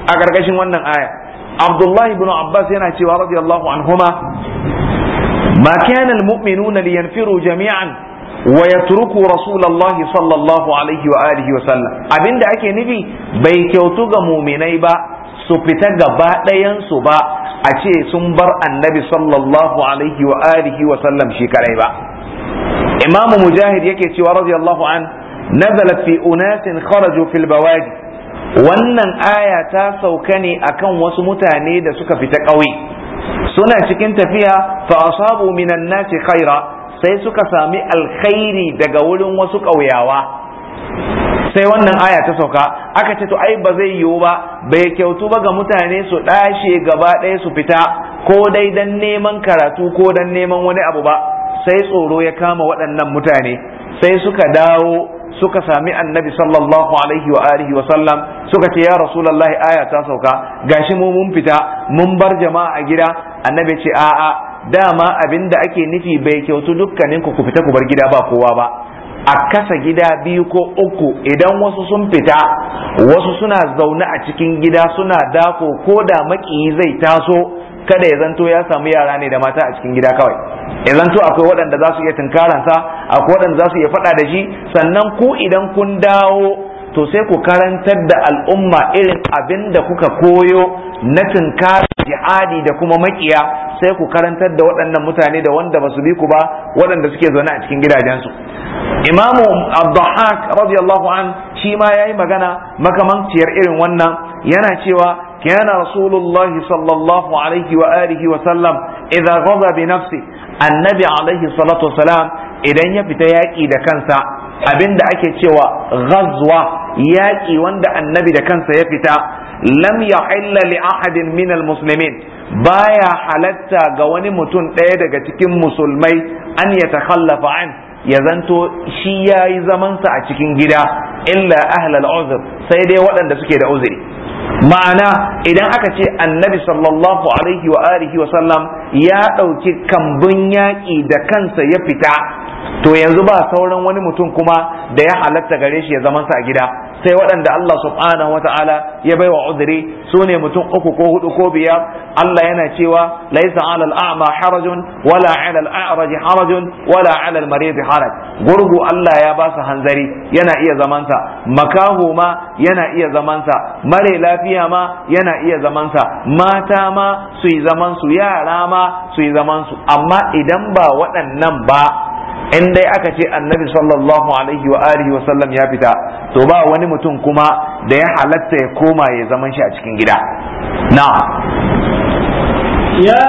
Speaker 1: a ƙarƙashin wannan aya Abdullahi ibn abbas yana cewa radiyallahu anhuma ma kana almu'minuna liyanfiru jami'an wa yatruku rasulullahi sallallahu alaihi wa alihi wa sallam abinda ake nufi bai kyautu ga muminai ba su fita gaba ɗayan su ba a ce sun bar annabi sallallahu alaihi wa sallam shi kadai ba imamu mujahid yake cewa radiyallahu an nazalat fi unasin kharaju fil wannan aya ta sauka ne akan wasu mutane da suka fita ƙauye suna cikin tafiya fa asabu minan nasi khaira sai suka sami alkhairi daga wurin wasu ƙauyawa sai wannan aya ta sauka aka ce to ai ba zai yiwu ba bai kyautu ba ga mutane su ɗashe gaba ɗaya su fita ko dai dan neman karatu ko dan neman wani abu ba sai tsoro ya kama waɗannan mutane sai suka dawo suka sami annabi sallallahu alaihi wa alihi wa sallam suka ce ya rasulullahi aya ta sauka gashi mu mun fita mun bar jama'a a gida annabi ce a'a dama abinda ake nufi bai kyautu dukkanin ku fita ku bar gida ba kowa ba a kasa gida biyu ko uku idan wasu sun fita wasu suna zaune a cikin gida suna dako ko da makiyi zai taso kada ya zanto ya samu yara ne da mata a cikin gida kawai ya zanto akwai waɗanda za su iya tunkaransa akwai waɗanda za su iya faɗa da shi sannan ku idan kun dawo to sai ku karantar da al'umma irin abin da kuka koyo na tunkar jihadi da kuma makiya sai ku karantar da waɗannan mutane da wanda ba su bi ku ba waɗanda suke zaune a cikin gidajensu imamu abdullahi radiyallahu an shi ma ya yi magana makamanciyar irin wannan yana cewa كان رسول الله صلى الله عليه وآله وسلم إذا غضى بنفسه النبي عليه الصلاة والسلام إذا يفتا يأكي دا كنسا أبن دا أكي تشوى غزوة يأكي وان دا النبي دا كنسا يفتا لم يحل لأحد من المسلمين بايا حلتا قواني متون تيدا تكين مسلمي أن يتخلف عنه ya zanto shi ya yi zamansa a cikin gida illa ahlal uzur sai dai waɗanda suke da uzuri ma'ana idan aka ce annabi sallallahu alaihi wa alihi wa sallam ya ɗauki kambun yaƙi da kansa ya fita to yanzu ba sauran wani mutum kuma da ya halatta gare shi ya zamansa a gida sai waɗanda Allah subhanahu wata'ala ya baiwa uzuri su ne mutum uku ko hudu ko biyar Allah yana cewa laisa alal a'ma harajun wala alal a'raj harajun wala alal marid haraj gurgu Allah ya ba su hanzari yana iya zamansa makaho ma yana iya zamansa mare lafiya ma yana iya zamansa mata ma su yi zamansu yara ma su yi zamansu amma idan ba waɗannan ba in dai aka ce annabi sallallahu alaihi wa alihi wa sallam ya fita to ba wani mutum kuma da ya halatta ya koma ya zaman shi a cikin gida na
Speaker 2: ya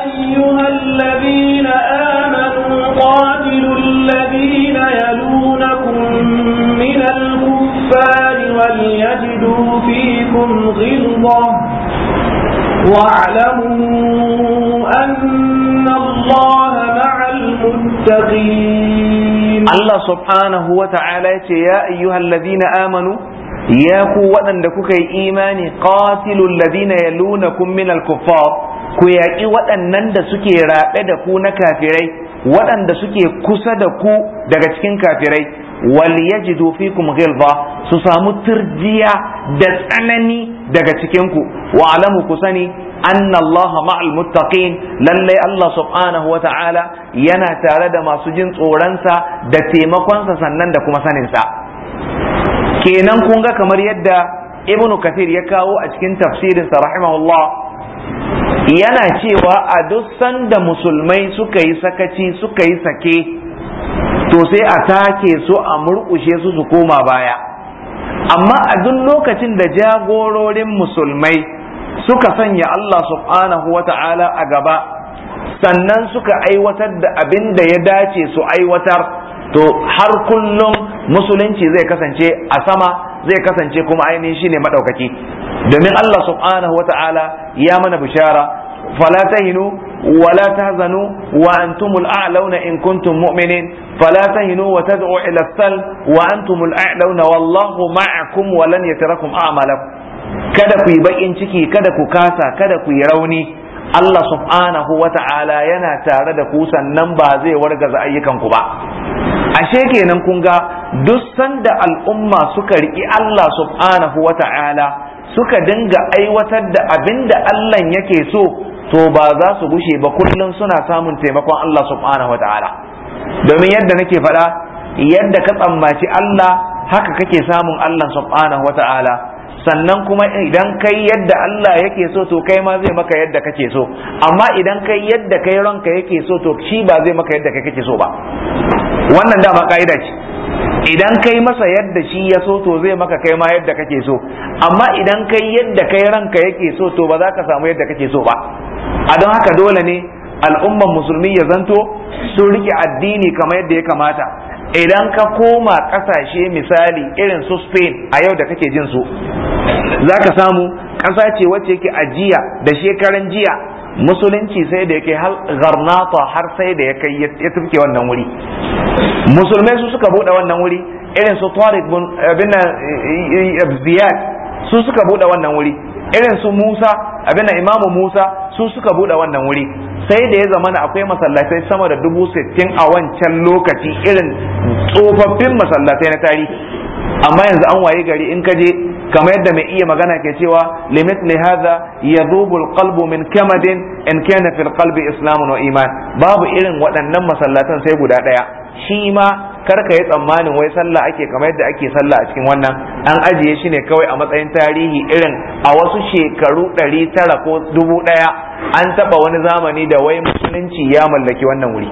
Speaker 2: ayyuhal ladina amanu qatilul ladina yalunakum min al-kuffar wal yajidu fikum ghilzah
Speaker 1: wa'lamu
Speaker 2: anna Allah
Speaker 1: للمتقين الله سبحانه وتعالى يا أيها الذين آمنوا يا قوة عندك إيماني قاتلوا الذين يلونكم من الكفار ku yaƙi waɗannan da suke raɓe da ku na kafirai waɗanda suke kusa da ku daga cikin kafirai wal yajidu fikum ghilza su samu turjiya da tsanani daga cikinku, wa alamu ku sani anna Allah ma'al muttaqin lallai Allah subhanahu wa ta'ala yana tare da masu jin tsoronsa da taimakonsa sannan da kuma saninsa kenan kun ga kamar yadda ibn kathir ya kawo a cikin tafsirinsa rahimahullah yana cewa a duk sanda musulmai suka yi sakaci suka yi sake to sai a take su a murƙushe su su koma baya amma a duk lokacin da jagororin musulmai suka sanya Allah subhanahu wa ta'ala a gaba sannan suka aiwatar da abin da ya dace su aiwatar to har kullum musulunci zai kasance a sama zai kasance kuma ainihin ne madaukaki domin Allah subhanahu wa ta'ala ya mana bishara فلا تهنوا ولا تهزنوا وأنتم الأعلون إن كنتم مؤمنين فلا تهنوا وتدعوا إلى السلم وأنتم الأعلون والله معكم ولن يتركم أعمالكم kada ku yi bakin ciki kada ku kasa kada ku yi rauni Allah subhanahu wa ta'ala yana tare da ku sannan ba zai wargaza ayyukanku ba ashe kenan kun ga duk sanda al'umma suka riƙi Allah subhanahu wa ta'ala suka dinga aiwatar da abinda da Allah yake so to ba za su gushe ba kullum suna samun taimakon Allah subhanahu wa ta'ala domin yadda nake faɗa yadda ka tsammaci Allah haka kake samun Allah subhanahu wa ta'ala sannan kuma idan kai yadda Allah yake so to kai ma zai maka yadda kake so amma idan kai yadda kai ranka yake so to shi ba zai maka yadda kake so ba wannan dama ka'ida ce idan kai masa yadda shi ya so to zai maka kai ma yadda kake so amma idan kai yadda kai ranka yake so to ba za ka samu yadda kake so ba a don haka dole ne al'umman musulmi ya zanto sun rike addini kamar yadda ya kamata idan ka koma kasashe misali irin su spain a yau da kake jin su za ka samu ƙasa ce wacce yake ajiya da shekaran jiya musulunci sai da yake hal garnata har sai da ya kai ya tafke wannan wuri musulmai su suka buɗe wannan wuri irin su tariq bin eh, eh, eh, ziyad su suka buɗe wannan wuri irin su Musa abin da imamu Musa su suka bude wannan wuri sai da ya zamana akwai masallatai sama da dubu sittin a wancan lokaci irin tsofaffin masallatai na tarihi amma yanzu an waye gari in kaje kamar yadda mai iya magana ke cewa limit li hadha yadhubu alqalbu min kamadin in kana fil qalbi islamun wa iman babu irin waɗannan masallatan sai guda ɗaya shi ma karka yi tsammanin wai sallah ake kamar yadda ake sallah a cikin wannan an ajiye shi ne kawai a matsayin tarihi irin a wasu shekaru ɗari tara ko dubu ɗaya an taɓa wani zamani da wai musulunci ya mallaki wannan wuri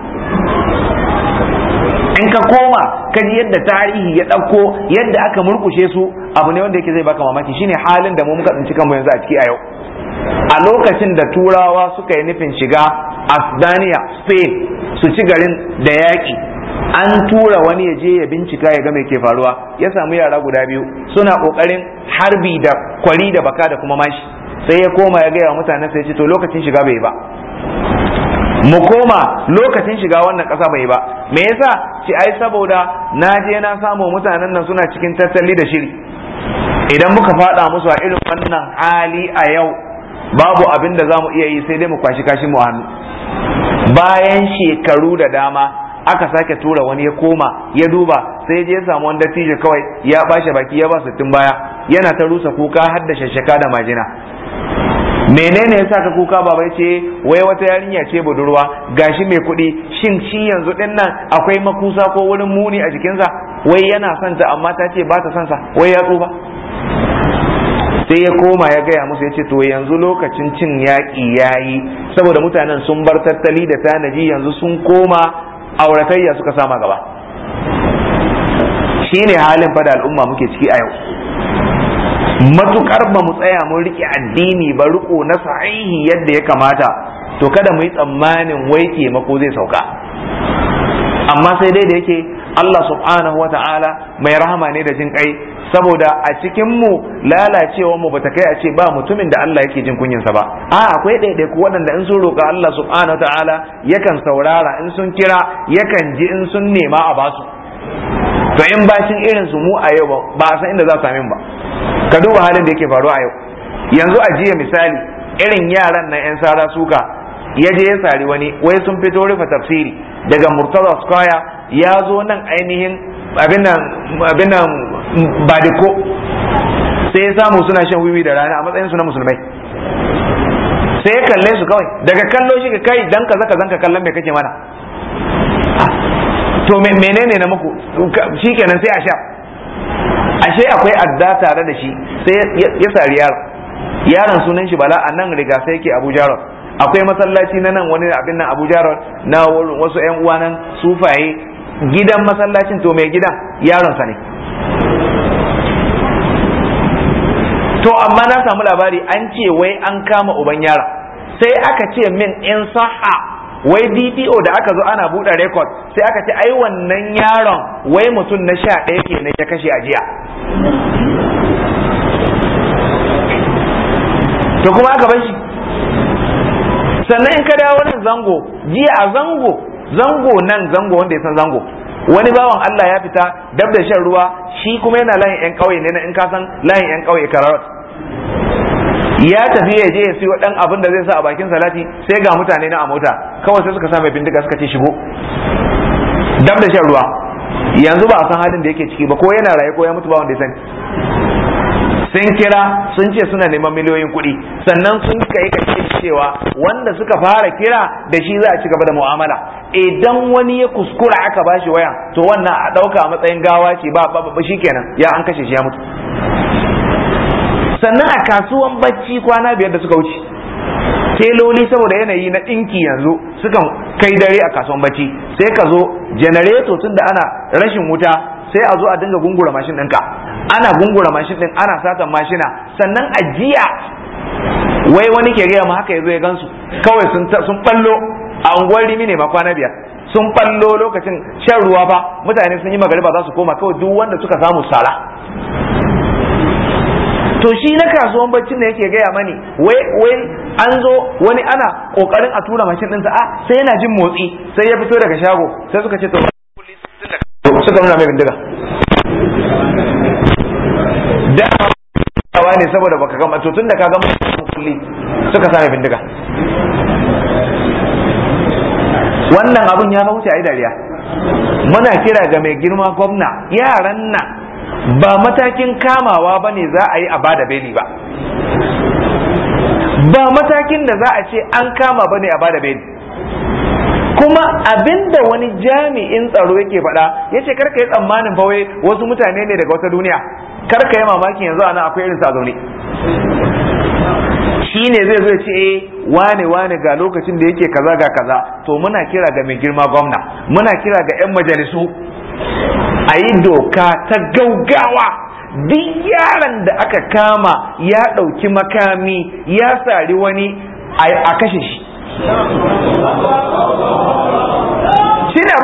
Speaker 1: in ka koma ka yadda tarihi ya ɗauko yadda aka murkushe su abu ne wanda yake zai baka mamaki shine halin da mu muka tsinci kanmu yanzu a ciki a yau a lokacin da turawa suka yi nufin shiga asdaniya spain su ci garin da yaƙi an tura wani ya je ya bincika ya ga mai ke faruwa ya samu yara guda biyu suna kokarin harbi da kwari da baka da kuma mashi sai ya koma ya gaya wa mutanen sai ya ce to lokacin shiga bai ba mu koma lokacin shiga wannan ƙasa bai ba me yasa ci ai saboda na je na samu mutanen nan suna cikin tattali da shiri idan muka faɗa musu a irin wannan hali a yau babu abin da za mu iya yi sai dai mu kwashi kashi mu hannu bayan shekaru da dama aka sake tura wani ya koma ya duba sai je ya samu wani dattijo kawai ya bashi baki ya ba tun baya yana ta rusa kuka har da shashaka da majina menene yasa ka kuka baba ce wai wata yarinya ce budurwa gashi mai kuɗi shin shi yanzu din nan akwai makusa ko wurin muni a jikinsa wai yana son ta amma ta ce ba ta son sa wai ya tsufa sai ya koma ya gaya musu ya ce to yanzu lokacin cin yaƙi ya yi saboda mutanen sun bar tattali da tanaji yanzu sun koma auratayya suka sama gaba Shi ne halin fa da al'umma muke ciki a yau matukar ba mu tsaya mun rike addini ba riko na sahihi yadda ya kamata to kada mu yi tsammanin wai taimako zai sauka amma sai dai da yake Allah subhanahu wa ta'ala mai rahama ne da jin kai saboda a cikin mu lalacewa mu bata kai a ce ba mutumin da Allah yake jin kunyinsa ba a akwai ku waɗanda in sun roƙa Allah subhanahu ta'ala yakan saurara in sun kira yakan ji in sun nema a basu to in bacin irin su mu a yau ba a san inda za su sami ba ka duba halin da yake faruwa a yau yanzu a jiya misali irin yaran na yan sara suka ya je ya sari wani wai sun fito rufe tafsiri daga murtaza square ya zo nan ainihin abin nan ba da ko sai ya samu suna shan wiwi da rana a matsayin su na musulmai sai ya kalle su kawai daga kallo shi ka kai dan kaza zaka zanka kallon mai kake mana to menene na muku shikenan sai a sha ashe akwai adda tare da shi sai ya sari yaron yaron sunan shi bala a nan riga sai yake abuja road akwai masallaci na nan wani abin nan abuja na wasu yan uwa nan sufaye gidan masallacin to mai gidan yaronsa ne to amma na samu labari an ce wai an kama uban yaron. sai aka ce min in saha wai DPO da aka zo ana buɗe rekod sai aka ce ai wannan yaron wai mutum na sha ɗaya ke ya kashe ajiya. to kuma aka bashi sannan in ka dawo nan zango jiya a zango zango nan zango wanda ya san zango wani bawan Allah ya fita dab da shan ruwa shi kuma yana layin yan kauye ne na in ka san layin yan kauye kararot ya tafi ya je ya siyo dan abin da zai sa a bakin salati sai ga mutane na a mota kawai sai suka sa mai bindiga suka ce shigo dab da shan ruwa yanzu ba a san halin da yake ciki ba ko yana raye ko ya mutu bawan da ya sani sun kira sun ce suna neman miliyoyin kuɗi sannan sun kai kake cewa wanda suka fara kira da shi za a ci gaba da mu'amala idan wani ya kuskura aka bashi waya to wannan a ɗauka a matsayin gawa ce ba ba shi kenan ya an kashe shi ya mutu sannan a kasuwan bacci kwana biyar da suka wuce teloli saboda yanayi na ɗinki yanzu sukan kai dare a kasuwan bacci sai ka zo janareto tun da ana rashin wuta sai a zo a dinga gungura mashin ɗinka ana gungura mashin ɗin ana satan mashina sannan a jiya wai wani ke gaya ma haka ya zo ya gansu kawai sun ballo a unguwar rimi ne ma kwana biyar sun ballo lokacin shan ruwa ba mutane sun yi magariba za su koma kawai duk wanda suka samu sala to shi na kasuwan baccin da yake gaya mani wai wai an zo wani ana kokarin a tura mashin ɗinsa a sai yana jin motsi sai ya fito daga shago sai suka ce to suka nuna mai bindiga dawa ne saboda baka gama to tun da ka gama kulli suka sa mai bindiga wannan abun ya wuce a yi dariya muna kira ga mai girma gwamna yaran nan ba matakin kamawa ba ne za a yi a bada beli ba ba matakin da za a ce an kama ba ne a bada beli kuma abinda wani jami'in tsaro yake faɗa yace karka yi tsammanin fa wasu mutane ne daga wata duniya karka yi mamakin yanzu ana akwai irin zaune shi ne zai zo ce eh wane wane ga lokacin da yake kaza ga kaza to muna kira ga mai girma gwamna muna kira ga 'yan majalisu a yi doka ta gaugawa duk yaron da aka kama ya ɗauki makami ya sari wani a kashe shi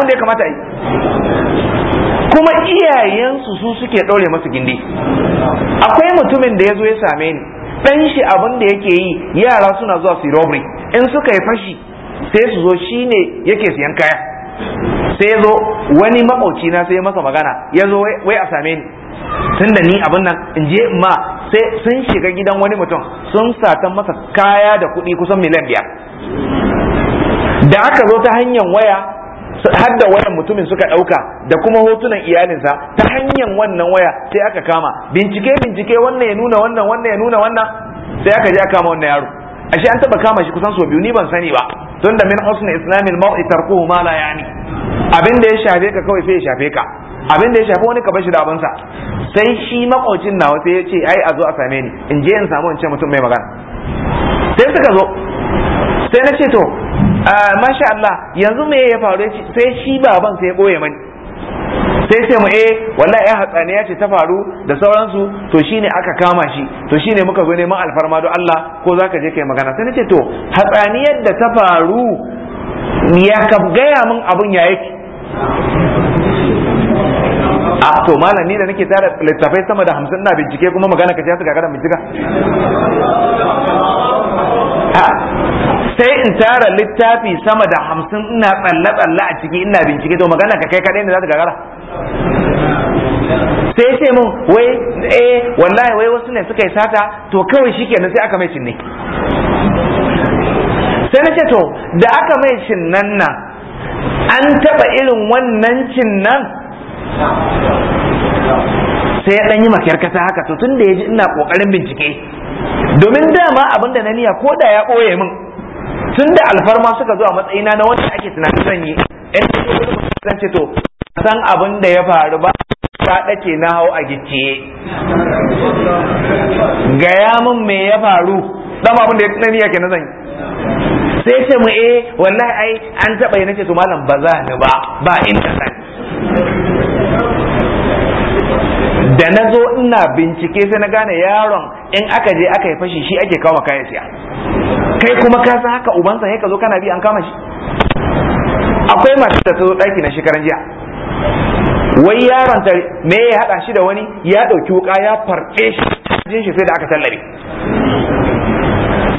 Speaker 1: da ya kamata a yi kuma iyayensu su suke ɗaure masu gindi akwai mutumin da ya zo ya same ni ɗan shi abin da yake yi yara suna zuwa su robbery in suka yi fashi sai su zo shi ne yake siyan kaya sai zo wani maɓauci na sai masa magana ya zo wai a same ni tun da ni abin nan in je ma sai sun shiga gidan wani mutum sun satan masa kaya da kuɗi kusan miliyan biyar da aka zo ta hanyar waya har da wayan mutumin suka ɗauka da kuma hotunan iyalinsa ta hanyar wannan waya sai aka kama bincike bincike wannan ya nuna wannan wannan ya nuna wannan sai aka je aka kama wannan yaro ashe an taba kama shi kusan sau biyu ni ban sani ba tun da min husnul islamil mar'i tarkuhu ma la yani abin da ya shafe ka kawai sai ya shafe ka abin da ya shafe wani ka bashi da abinsa sai shi makocin nawa sai ya ce ai a zo a same ni in je in samu in ce mutum mai magana sai suka zo sai na ce to masha Allah yanzu me ya faru sai shi baban sai ya boye mani sai sai mu eh wallahi ya hatsaniya ce ta faru da sauransu to shine aka kama shi to shine muka zo neman alfarma don Allah ko zaka je kai magana sai nace to hatsaniyar da ta faru ya ka gaya min abun ya yake a to ni da nake tara littafai sama da hamsin na bincike kuma magana ka ce su gagara bincika sai in tara littafi sama da hamsin ina tsalle tsalle a ciki ina bincike to magana ka kai kadai ne za ta gagara sai ce mun wai eh wallahi wai wasu ne suka yi sata to kawai kenan sai aka mai cinne sai na ce to da aka mai cinnan nan an taɓa irin wannan cinnan sai ya ɗanyi yi makyarkata haka to tun da ya ji ina ƙoƙarin bincike domin dama abinda na niya ko da ya ɓoye min tun da alfarma suka zo a matsayina na wanda ake tunanin zan yi ɗan zan ce to san abin da ya faru ba ta ɗace na hau a gicciye gaya min me ya faru dama abin da ya tunaniya ke na zan yi sai ce mu eh wallahi ai an taɓa yi nace to malam ba za ni ba ba inda san da na zo ina bincike sai na gane yaron in aka je aka yi fashi shi ake kawo kayan siya kai kuma ka san haka ubansa sai ka zo kana bi an kama shi akwai masu da ta zo ɗaki na shekaran jiya wai yaron ta me ya haɗa shi da wani ya ɗauki wuka ya farɗe shi jin shi sai da aka tallare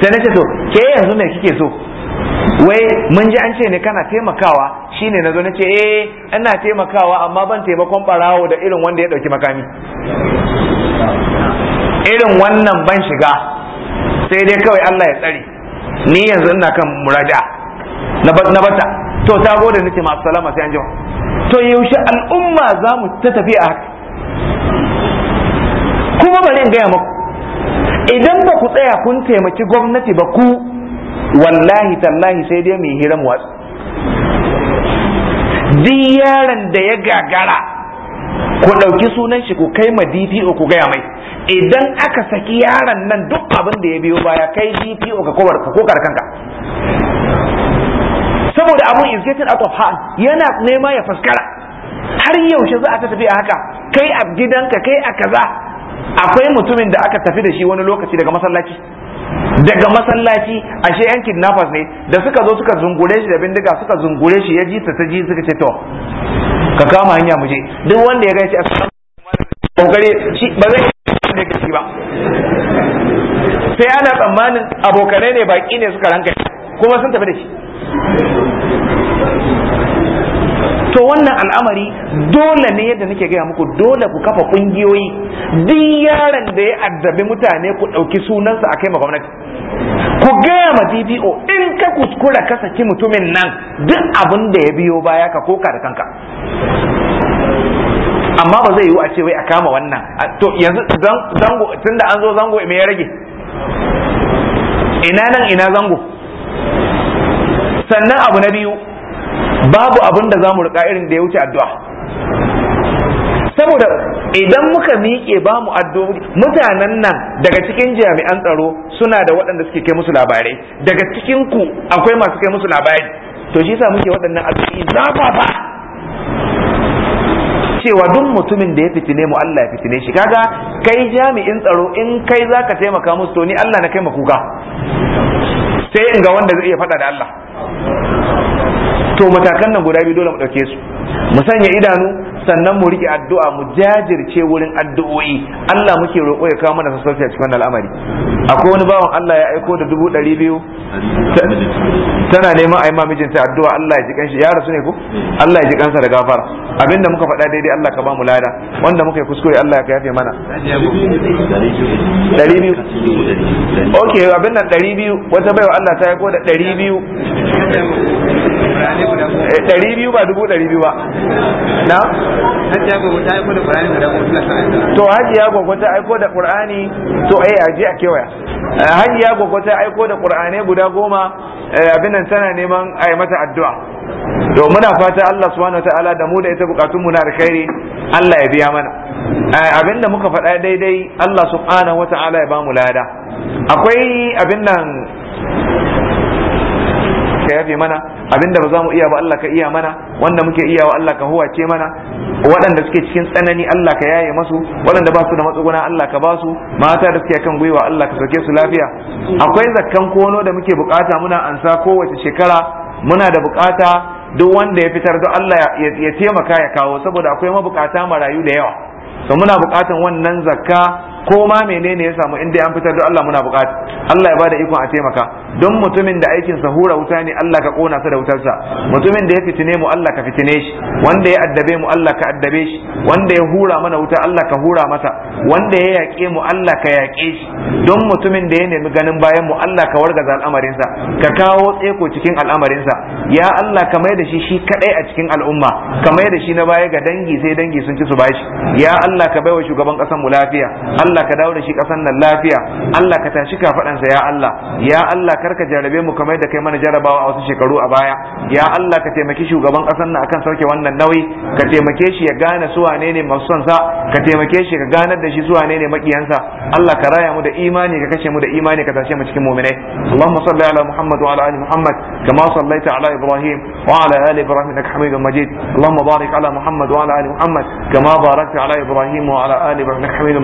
Speaker 1: sai na ce to ke yanzu me kike so wai mun ji an ce ne kana taimakawa Shi shine nazo ce e, ina taimakawa amma ban taimakon barawo da irin wanda ya ɗauki makami irin wannan ban shiga sai dai kawai Allah ya tsare ni yanzu ina kan muraja na bata to ta gode nake ma salama sai an jima to yaushe al'umma za mu ta tafi a haka kuma bari in gaya maku idan ba ku tsaya kun taimaki gwamnati ba ku wallahi tallahi sai dai mai hiran watsu duk yaron da ya gagara ku ɗauki sunan shi ku kai ma DPO ku gaya mai idan aka saki yaron nan duk abin da ya biyo baya kai G.P.O ka kowar ka kokar kanka saboda abun is getting out of hand yana nema ya faskara har yaushe za a ta tafi a haka kai a gidanka kai a kaza akwai mutumin da aka tafi da shi wani lokaci daga masallaci daga masallaci ashe yan kidnappers ne da suka zo suka zungure shi da bindiga suka zungure shi ya ji ta ta ji suka ce to ka kama hanya mu je duk wanda ya gaishe a kokare shi ba zai sai ana tsammanin abokanai ne baki ne suka ranka kuma sun tafi da shi to wannan al'amari dole ne yadda nake gaya muku dole ku kafa kungiyoyi duk yaron da ya addabi mutane ku ɗauki sunansa a kai ma gwamnati ku gaya ma DPO in ka kuskura ka saki mutumin nan duk abin da ya biyo baya ka koka da kanka amma ba zai yiwu a ce wai a kama wannan to yanzu zango tunda an zo zango me ya rage ina nan ina zango sannan abu na biyu babu abin da za mu rika irin da ya wuce addu'a saboda idan muka miƙe ba mu addu'a mutanen nan daga cikin jami'an tsaro suna da waɗanda suke kai musu labarai daga cikin ku akwai masu kai musu labarai, to shi yasa muke waɗannan addu'o'i ba. cewa duk mutumin da ya fitine mu Allah ya fitine shi kaga kai jami'in tsaro in kai zaka taimaka musu to ni Allah na kai kuka, sai in ga wanda zai iya faɗa da Allah to matakan nan guda biyu dole mu ɗauke su mu sanya idanu sannan mu riƙe addu'a mu jajirce wurin addu'o'i Allah muke roƙo ya kawo mana sassauci a cikin al'amari akwai wani bawan Allah ya aiko da dubu ɗari biyu tana neman a yi ma mijinta addu'a Allah ya ji kanshi ya rasu ne ko Allah ya ji kansa da gafara abinda muka faɗa daidai Allah ka ba mu lada wanda muka yi kuskure Allah ya yafe mana ɗari biyu ok abin nan ɗari biyu wata baiwa Allah ta aiko da ɗari biyu
Speaker 3: Eh,
Speaker 1: ɗari biyu ba dubu ɗari biyu ba na? hajiya gogo ta aiko da ƙur'ani guda goma suna sa'ada to hajiya gogo ta aiko da ƙur'ani to ai eh, a je a kewaya eh, hajiya gogo ta aiko da ƙur'ani guda goma abin nan tana neman a yi mata addu'a to muna fata Allah subhanahu ta'ala da mu da ita bukatun mu na alkhairi Allah ya biya mana abin da muka faɗa daidai Allah subhanahu ta'ala ya ba mu lada akwai abin nan ka yafe mana abinda ba za mu iya ba Allah ka iya mana wanda muke iya wa Allah ka huwace mana waɗanda suke cikin tsanani Allah ka yaye masu waɗanda ba su da matsuguna Allah ka ba su mata da suke kan gwiwa Allah ka sauke su lafiya akwai zakkan kono da muke bukata muna ansa kowace shekara muna da bukata duk wanda ya fitar don Allah ya taimaka ya kawo saboda akwai mabukata marayu da yawa to muna bukatan wannan zakka ko ma menene ya samu in inda an fitar da Allah muna bukata Allah ya bada ikon a taimaka don mutumin da aikin sa hura wuta ne Allah ka kona sa da sa. mutumin da ya fitine mu Allah ka fitine shi wanda ya addabe mu Allah ka addabe shi wanda ya hura mana wuta Allah ka hura masa wanda ya yaƙe mu Allah ka yaƙe shi don mutumin da ya nemi ganin bayan mu Allah ka wargaza al'amarinsa ka kawo tseko cikin al'amarinsa ya Allah ka mai da shi shi kadai a cikin al'umma ka mai da shi na baya ga dangi sai dangi sun ci su bashi ya Allah ka baiwa shugaban ƙasar mu lafiya Allah Allah ka dawo da shi kasan nan lafiya Allah ka tashi kafadansa ya Allah ya Allah karka jarabe mu kamar da kai mana jarabawa a wasu shekaru a baya ya Allah ka taimaki shugaban kasan nan akan sauke wannan nauyi ka taimake shi ya gane su wane ne masu son sa ka taimake shi ka gane da shi su wane ne makiyansa Allah ka raya mu da imani ka kashe mu da imani ka tashe mu cikin mu'minai Allahumma salli ala Muhammad wa ala ali Muhammad kama sallaita ala Ibrahim wa ala ali Ibrahim innaka Hamidum Majid Allahumma barik ala Muhammad wa ala ali Muhammad kama barakta ala Ibrahim wa ala ali Ibrahim innaka Hamidum